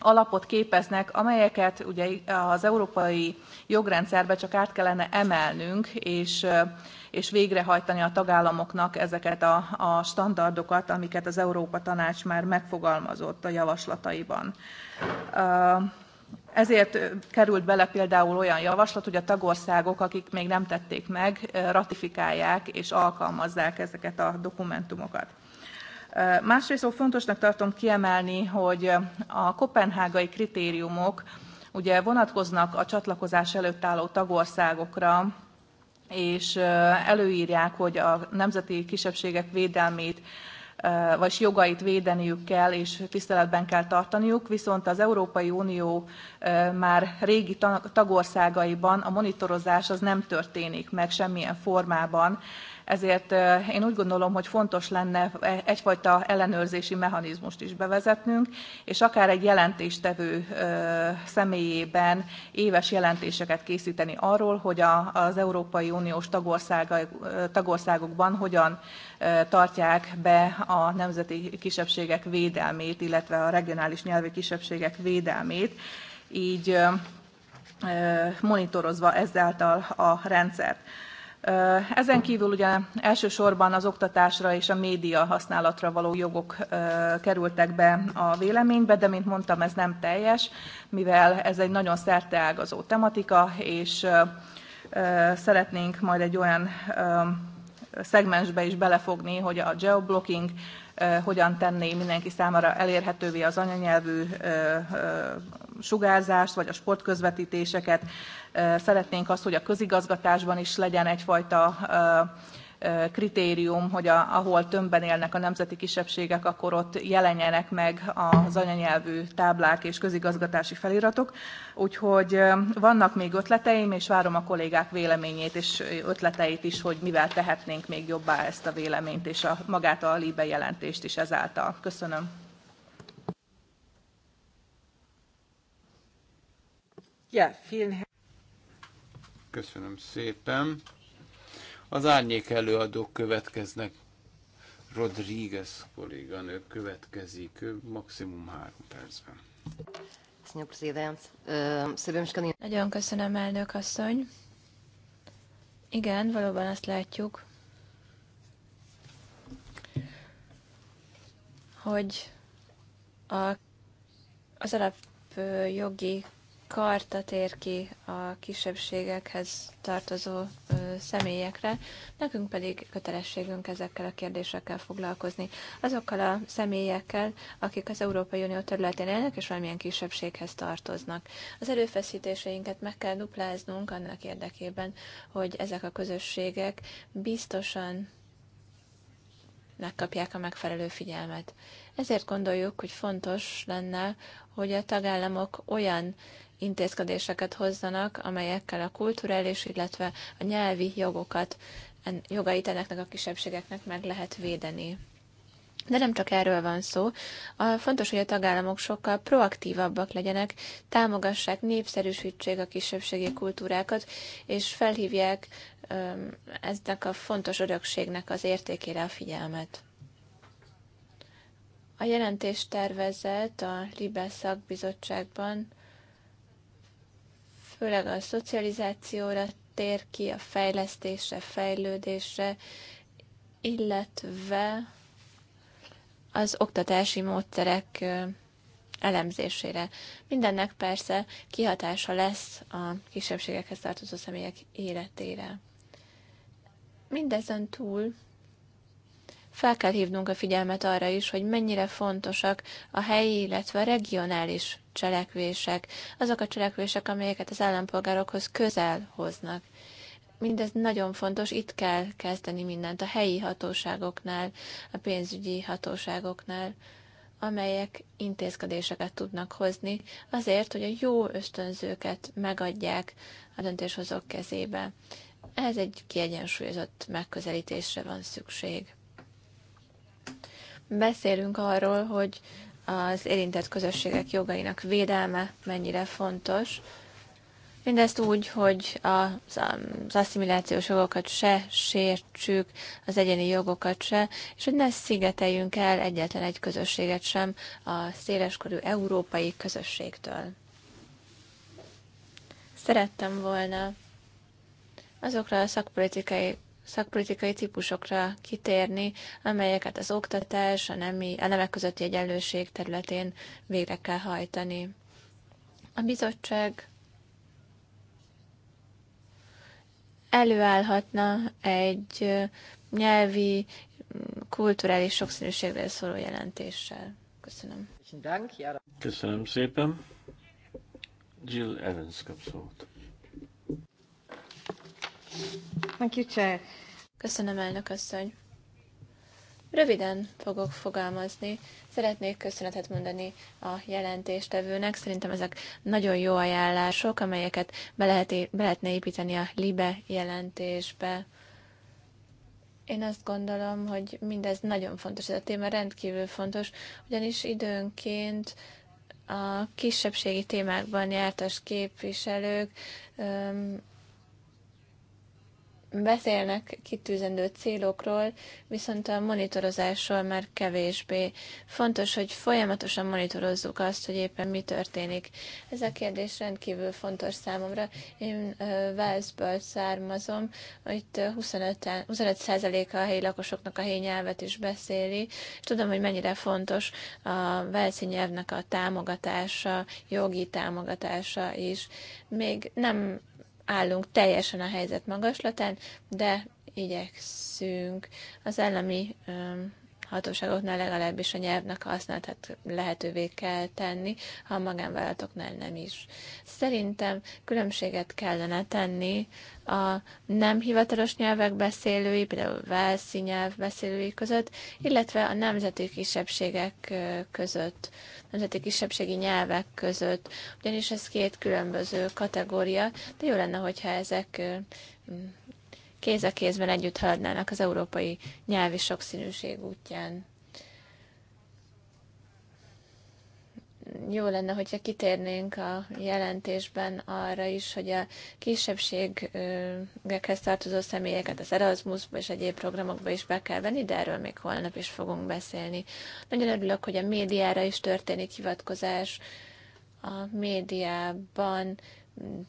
A: alapot képeznek, amelyeket ugye az európai jogrendszerbe csak át kellene emelnünk, és, és végrehajtani a tagállamoknak ezeket a, a standardokat, amiket az Európa Tanács már megfogalmazott a javaslataiban. Ezért került bele például olyan javaslat, hogy a tagországok, akik még nem tették meg, ratifikálják és alkalmazzák ezeket a dokumentumokat. Másrészt fontosnak tartom kiemelni, hogy a kopenhágai kritériumok ugye vonatkoznak a csatlakozás előtt álló tagországokra, és előírják, hogy a nemzeti kisebbségek védelmét vagy jogait védeniük kell, és tiszteletben kell tartaniuk, viszont az Európai Unió már régi tagországaiban a monitorozás az nem történik meg semmilyen formában, ezért én úgy gondolom, hogy fontos lenne e, egyfajta ellenőrzési mechanizmust is bevezetnünk, és akár egy jelentéstevő személyében éves jelentéseket készíteni arról, hogy az Európai Uniós tagországokban hogyan tartják be a nemzeti kisebbségek védelmét, illetve a regionális nyelvi kisebbségek védelmét, így monitorozva ezáltal a rendszert. Ezen kívül ugye elsősorban az oktatásra és a média használatra való jogok kerültek be a véleménybe, de mint mondtam, ez nem teljes, mivel ez egy nagyon szerteágazó tematika, és szeretnénk majd egy olyan szegmensbe is belefogni, hogy a geoblocking hogyan tenné mindenki számára elérhetővé az anyanyelvű sugárzást, vagy a sportközvetítéseket. Szeretnénk azt, hogy a közigazgatásban is legyen egyfajta kritérium, hogy a, ahol tömbben élnek a nemzeti kisebbségek, akkor ott jelenjenek meg az anyanyelvű táblák és közigazgatási feliratok. Úgyhogy vannak még ötleteim, és várom a kollégák véleményét és ötleteit is, hogy mivel tehetnénk még jobbá ezt a véleményt és a, magát a LIBE jelentést is ezáltal. Köszönöm. Ja,
D: Köszönöm szépen. Az árnyék előadók következnek. Rodríguez kolléganő következik, maximum három percben.
C: Eh, Nagyon köszönöm, elnök asszony. Igen, valóban azt látjuk, hogy a, az alapjogi karta tér ki a kisebbségekhez tartozó ö, személyekre, nekünk pedig kötelességünk ezekkel a kérdésekkel foglalkozni. Azokkal a személyekkel, akik az Európai Unió területén élnek és valamilyen kisebbséghez tartoznak. Az erőfeszítéseinket meg kell dupláznunk annak érdekében, hogy ezek a közösségek biztosan megkapják a megfelelő figyelmet. Ezért gondoljuk, hogy fontos lenne, hogy a tagállamok olyan intézkedéseket hozzanak, amelyekkel a kulturális, illetve a nyelvi jogokat, jogait ennek a kisebbségeknek meg lehet védeni. De nem csak erről van szó. A, fontos, hogy a tagállamok sokkal proaktívabbak legyenek, támogassák, népszerűsítsék a kisebbségi kultúrákat, és felhívják öm, eznek a fontos örökségnek az értékére a figyelmet. A jelentés tervezett a Libe szakbizottságban főleg a szocializációra tér ki, a fejlesztésre, fejlődésre, illetve az oktatási módszerek elemzésére. Mindennek persze kihatása lesz a kisebbségekhez tartozó személyek életére. Mindezen túl fel kell hívnunk a figyelmet arra is, hogy mennyire fontosak a helyi, illetve a regionális cselekvések, azok a cselekvések, amelyeket az állampolgárokhoz közel hoznak. Mindez nagyon fontos, itt kell kezdeni mindent a helyi hatóságoknál, a pénzügyi hatóságoknál, amelyek intézkedéseket tudnak hozni azért, hogy a jó ösztönzőket megadják a döntéshozók kezébe. Ez egy kiegyensúlyozott megközelítésre van szükség beszélünk arról, hogy az érintett közösségek jogainak védelme mennyire fontos. Mindezt úgy, hogy az, az asszimilációs jogokat se sértsük, az egyéni jogokat se, és hogy ne szigeteljünk el egyetlen egy közösséget sem a széleskörű európai közösségtől. Szerettem volna azokra a szakpolitikai szakpolitikai típusokra kitérni, amelyeket az oktatás, a, nemi, a nemek közötti egyenlőség területén végre kell hajtani. A bizottság előállhatna egy nyelvi, kulturális sokszínűségre szóló jelentéssel. Köszönöm.
B: Köszönöm szépen. Jill Evans kap szót.
C: Thank you, Chair. Köszönöm, elnök asszony. Röviden fogok fogalmazni. Szeretnék köszönetet mondani a jelentéstevőnek. Szerintem ezek nagyon jó ajánlások, amelyeket be, lehet, be lehetne építeni a LIBE jelentésbe. Én azt gondolom, hogy mindez nagyon fontos, ez a téma rendkívül fontos, ugyanis időnként a kisebbségi témákban jártas képviselők öm, beszélnek kitűzendő célokról, viszont a monitorozásról már kevésbé. Fontos, hogy folyamatosan monitorozzuk azt, hogy éppen mi történik. Ez a kérdés rendkívül fontos számomra. Én Walesből származom, itt 25, a a helyi lakosoknak a helyi nyelvet is beszéli, és tudom, hogy mennyire fontos a Walesi nyelvnek a támogatása, jogi támogatása is. Még nem állunk teljesen a helyzet magaslatán, de igyekszünk az állami um, hatóságoknál legalábbis a nyelvnek használatát lehetővé kell tenni, ha a magánvállalatoknál nem is. Szerintem különbséget kellene tenni a nem hivatalos nyelvek beszélői, például velszi nyelv beszélői között, illetve a nemzeti kisebbségek között, nemzeti kisebbségi nyelvek között, ugyanis ez két különböző kategória, de jó lenne, hogyha ezek kéz a kézben együtt haladnának az európai nyelvi sokszínűség útján. Jó lenne, hogyha kitérnénk a jelentésben arra is, hogy a kisebbségekhez tartozó személyeket az Erasmusba és egyéb programokba is be kell venni, de erről még holnap is fogunk beszélni. Nagyon örülök, hogy a médiára is történik hivatkozás, a médiában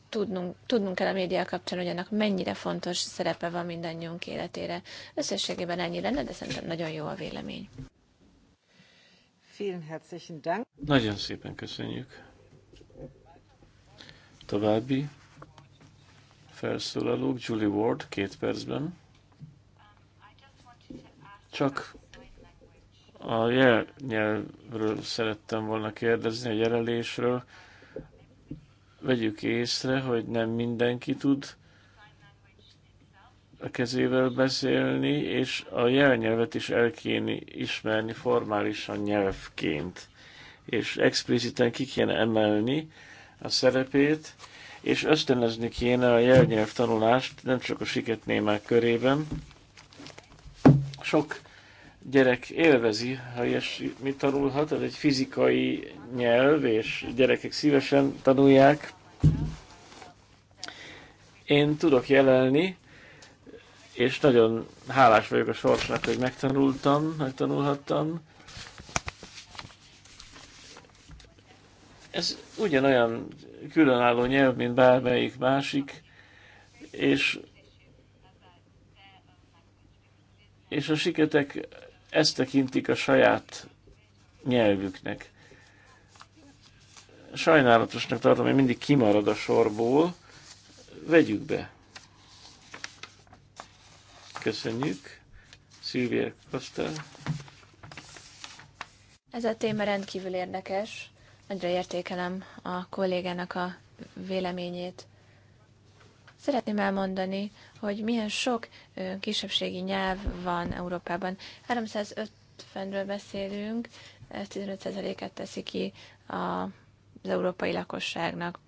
C: tudnunk, tudnunk kell a média kapcsán, hogy annak mennyire fontos szerepe van mindannyiunk életére. Összességében ennyi lenne, de szerintem nagyon jó a vélemény.
B: Nagyon szépen köszönjük. További felszólalók, Julie Ward, két percben. Csak a jel nyelvről szerettem volna kérdezni, a jelelésről vegyük észre, hogy nem mindenki tud a kezével beszélni, és a jelnyelvet is el kéne ismerni formálisan nyelvként, és expliciten ki kéne emelni a szerepét, és ösztönözni kéne a jelnyelv tanulást nem csak a siketnémák körében. Sok gyerek élvezi, ha ilyesmit tanulhat, ez egy fizikai nyelv, és gyerekek szívesen tanulják. Én tudok jelenni, és nagyon hálás vagyok a sorsnak, hogy megtanultam, megtanulhattam. Ez ugyanolyan különálló nyelv, mint bármelyik másik, és és a siketek ezt tekintik a saját nyelvüknek. Sajnálatosnak tartom, hogy mindig kimarad a sorból. Vegyük be. Köszönjük. Szilvia Costa.
C: Ez a téma rendkívül érdekes. Nagyra értékelem a kollégának a véleményét. Szeretném elmondani, hogy milyen sok kisebbségi nyelv van Európában. 350-ről beszélünk, ez 15%-et teszi ki a az európai lakosságnak.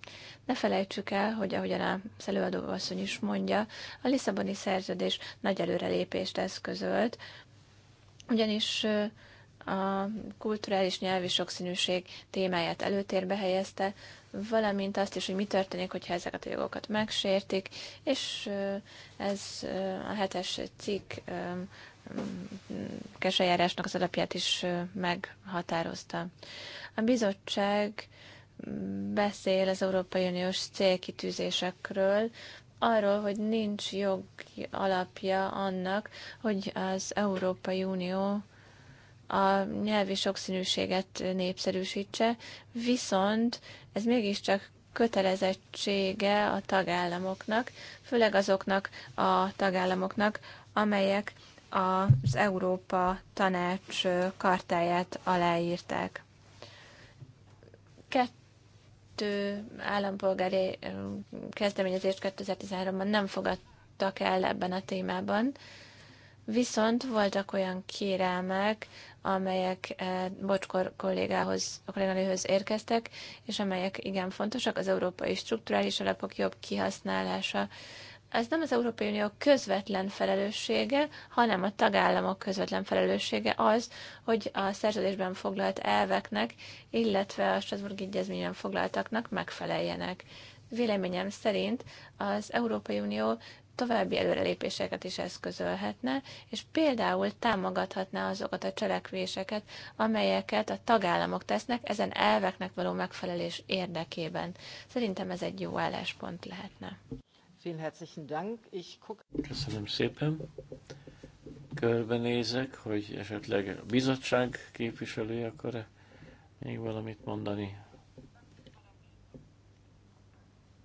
C: Ne felejtsük el, hogy ahogyan a szelőadó asszony is mondja, a Lisszaboni szerződés nagy előrelépést eszközölt, ugyanis a kulturális nyelvi sokszínűség témáját előtérbe helyezte, valamint azt is, hogy mi történik, hogyha ezeket a jogokat megsértik, és ez a hetes cikk keseljárásnak az alapját is meghatározta. A bizottság beszél az Európai Uniós célkitűzésekről, arról, hogy nincs jog alapja annak, hogy az Európai Unió a nyelvi sokszínűséget népszerűsítse, viszont ez mégiscsak kötelezettsége a tagállamoknak, főleg azoknak a tagállamoknak, amelyek az Európa Tanács kartáját aláírták. Kettő állampolgári kezdeményezést 2013-ban nem fogadtak el ebben a témában, Viszont voltak olyan kérelmek, amelyek eh, Bocskor kollégához, a kollégához érkeztek, és amelyek igen fontosak, az európai strukturális alapok jobb kihasználása. Ez nem az Európai Unió közvetlen felelőssége, hanem a tagállamok közvetlen felelőssége az, hogy a szerződésben foglalt elveknek, illetve a Strasbourg egyezményben foglaltaknak megfeleljenek véleményem szerint az Európai Unió további előrelépéseket is eszközölhetne, és például támogathatná azokat a cselekvéseket, amelyeket a tagállamok tesznek ezen elveknek való megfelelés érdekében. Szerintem ez egy jó álláspont lehetne.
B: Köszönöm szépen. Körbenézek, hogy esetleg a bizottság képviselője akar -e még valamit mondani.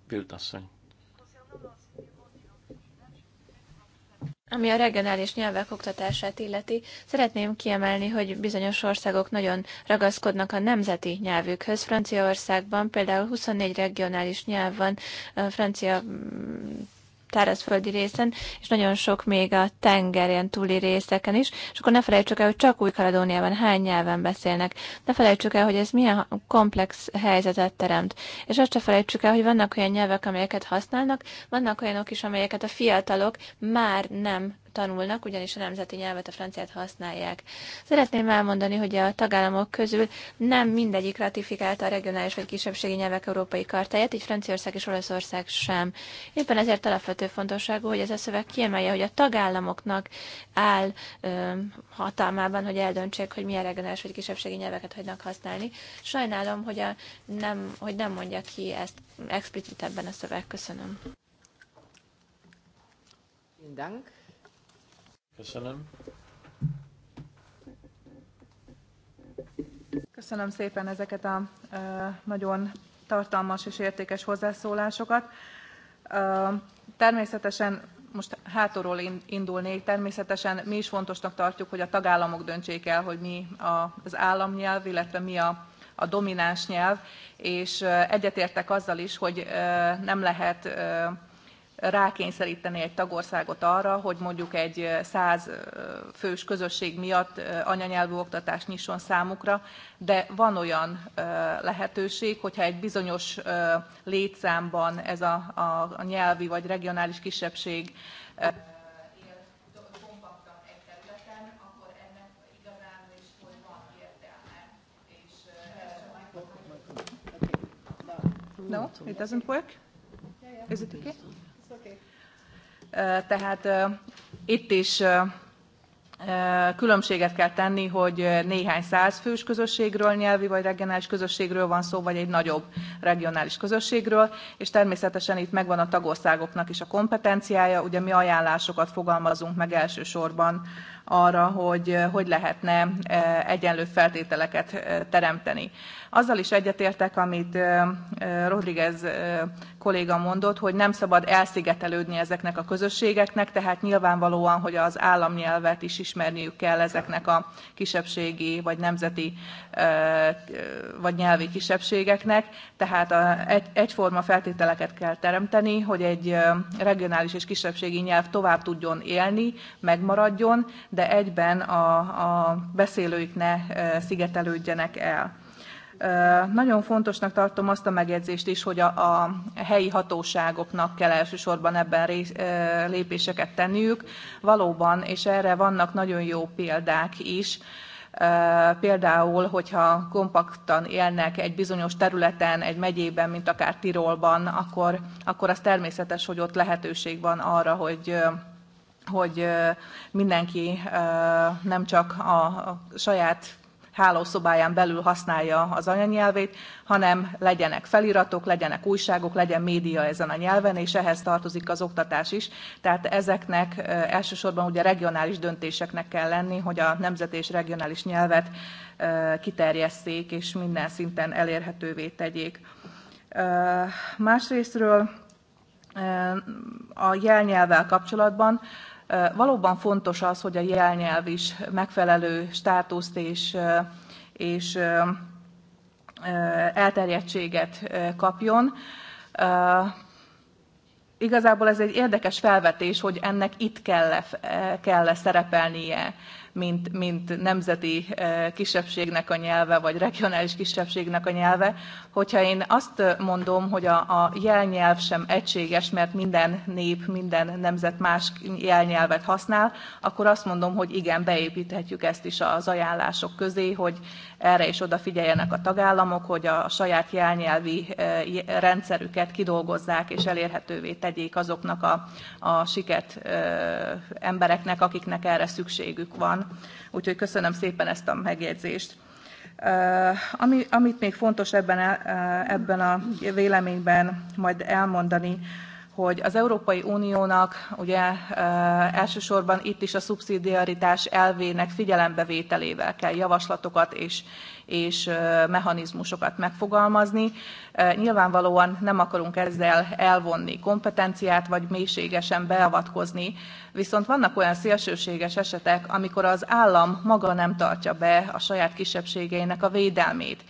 B: Bildasszony.
C: Ami a regionális nyelvek oktatását illeti, szeretném kiemelni, hogy bizonyos országok nagyon ragaszkodnak a nemzeti nyelvükhöz. Franciaországban például 24 regionális nyelv van, francia mm, tárazföldi részen, és nagyon sok még a tengeren túli részeken is, és akkor ne felejtsük el, hogy csak Új-Kaledóniában hány nyelven beszélnek. Ne felejtsük el, hogy ez milyen komplex helyzetet teremt. És azt se felejtsük el, hogy vannak olyan nyelvek, amelyeket használnak, vannak olyanok is, amelyeket a fiatalok már nem tanulnak, ugyanis a nemzeti nyelvet, a franciát használják. Szeretném elmondani, hogy a tagállamok közül nem mindegyik ratifikálta a regionális vagy kisebbségi nyelvek európai kartáját, így Franciaország és Olaszország sem. Éppen ezért alapvető fontosságú, hogy ez a szöveg kiemelje, hogy a tagállamoknak áll ö, hatalmában, hogy eldöntsék, hogy milyen regionális vagy kisebbségi nyelveket hagynak használni. Sajnálom, hogy, a, nem, hogy nem mondja ki ezt explicitebben a szöveg. Köszönöm.
A: Köszönöm. Köszönöm. Köszönöm szépen ezeket a nagyon tartalmas és értékes hozzászólásokat. Természetesen most hátulról indulnék, természetesen mi is fontosnak tartjuk, hogy a tagállamok döntsék el, hogy mi az államnyelv, illetve mi a, a domináns nyelv, és egyetértek azzal is, hogy nem lehet rákényszeríteni egy tagországot arra, hogy mondjuk egy száz fős közösség miatt anyanyelvű oktatást nyisson számukra, de van olyan lehetőség, hogyha egy bizonyos létszámban ez a, a, nyelvi vagy regionális kisebbség No, it doesn't work? Is it okay? Tehát itt is különbséget kell tenni, hogy néhány száz fős közösségről, nyelvi vagy regionális közösségről van szó, vagy egy nagyobb regionális közösségről, és természetesen itt megvan a tagországoknak is a kompetenciája, ugye mi ajánlásokat fogalmazunk meg elsősorban arra, hogy eh, hogy lehetne eh, egyenlő feltételeket eh, teremteni. Azzal is egyetértek, amit Rodriguez kolléga mondott, hogy nem szabad elszigetelődni ezeknek a közösségeknek, tehát nyilvánvalóan, hogy az államnyelvet is ismerniük kell ezeknek a kisebbségi vagy nemzeti vagy nyelvi kisebbségeknek, tehát egy, egyforma feltételeket kell teremteni, hogy egy regionális és kisebbségi nyelv tovább tudjon élni, megmaradjon, de egyben a, a beszélőik ne szigetelődjenek el. Nagyon fontosnak tartom azt a megjegyzést is, hogy a, a helyi hatóságoknak kell elsősorban ebben rész, lépéseket tenniük. Valóban, és erre vannak nagyon jó példák is, Például, hogyha kompaktan élnek egy bizonyos területen, egy megyében, mint akár Tirolban, akkor, akkor az természetes, hogy ott lehetőség van arra, hogy hogy mindenki nem csak a saját hálószobáján belül használja az anyanyelvét, hanem legyenek feliratok, legyenek újságok, legyen média ezen a nyelven, és ehhez tartozik az oktatás is. Tehát ezeknek elsősorban ugye regionális döntéseknek kell lenni, hogy a nemzet és regionális nyelvet kiterjesszék, és minden szinten elérhetővé tegyék. Másrésztről a jelnyelvvel kapcsolatban Valóban fontos az, hogy a jelnyelv is megfelelő státuszt és, és elterjedtséget kapjon. Igazából ez egy érdekes felvetés, hogy ennek itt kell-e kell -e szerepelnie mint, mint nemzeti eh, kisebbségnek a nyelve, vagy regionális kisebbségnek a nyelve. Hogyha én azt eh, mondom, hogy a, a jelnyelv sem egységes, mert minden nép, minden nemzet más jelnyelvet használ, akkor azt mondom, hogy igen, beépíthetjük ezt is az ajánlások közé, hogy erre is odafigyeljenek a tagállamok, hogy a saját jelnyelvi e, rendszerüket kidolgozzák és elérhetővé tegyék azoknak a, a siket e, embereknek, akiknek erre szükségük van. Úgyhogy köszönöm szépen ezt a megjegyzést. E, ami, amit még fontos ebben, ebben a véleményben majd elmondani, hogy az Európai Uniónak ugye elsősorban itt is a szubszidiaritás elvének figyelembevételével kell javaslatokat és, és mechanizmusokat megfogalmazni. Nyilvánvalóan nem akarunk ezzel elvonni kompetenciát, vagy mélységesen beavatkozni, viszont vannak olyan szélsőséges esetek, amikor az állam maga nem tartja be a saját kisebbségeinek a védelmét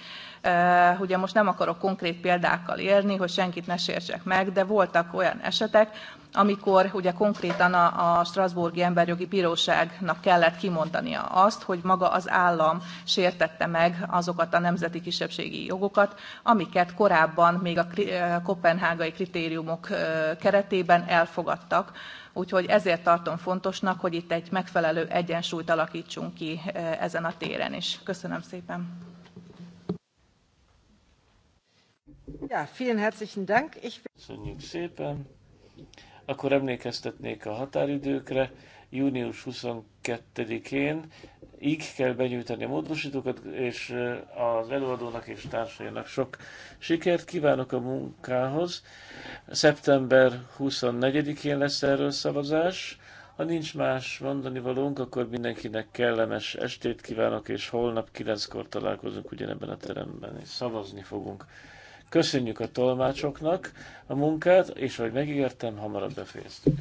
A: ugye most nem akarok konkrét példákkal érni, hogy senkit ne sértsek meg, de voltak olyan esetek, amikor ugye konkrétan a, a Strasburgi Emberjogi Bíróságnak kellett kimondania azt, hogy maga az állam sértette meg azokat a nemzeti kisebbségi jogokat, amiket korábban még a kopenhágai kritériumok keretében elfogadtak. Úgyhogy ezért tartom fontosnak, hogy itt egy megfelelő egyensúlyt alakítsunk ki ezen a téren is. Köszönöm szépen! Ja, vielen herzlichen Dank. Ich... Köszönjük
B: szépen. Akkor emlékeztetnék a határidőkre. Június 22-én így kell benyújtani a módosítókat, és az előadónak és társainak sok sikert kívánok a munkához. Szeptember 24-én lesz erről szavazás. Ha nincs más mondani valónk, akkor mindenkinek kellemes estét kívánok, és holnap 9-kor találkozunk ugyanebben a teremben, és szavazni fogunk. Köszönjük a tolmácsoknak a munkát, és ahogy megígértem, hamarabb befejeztük.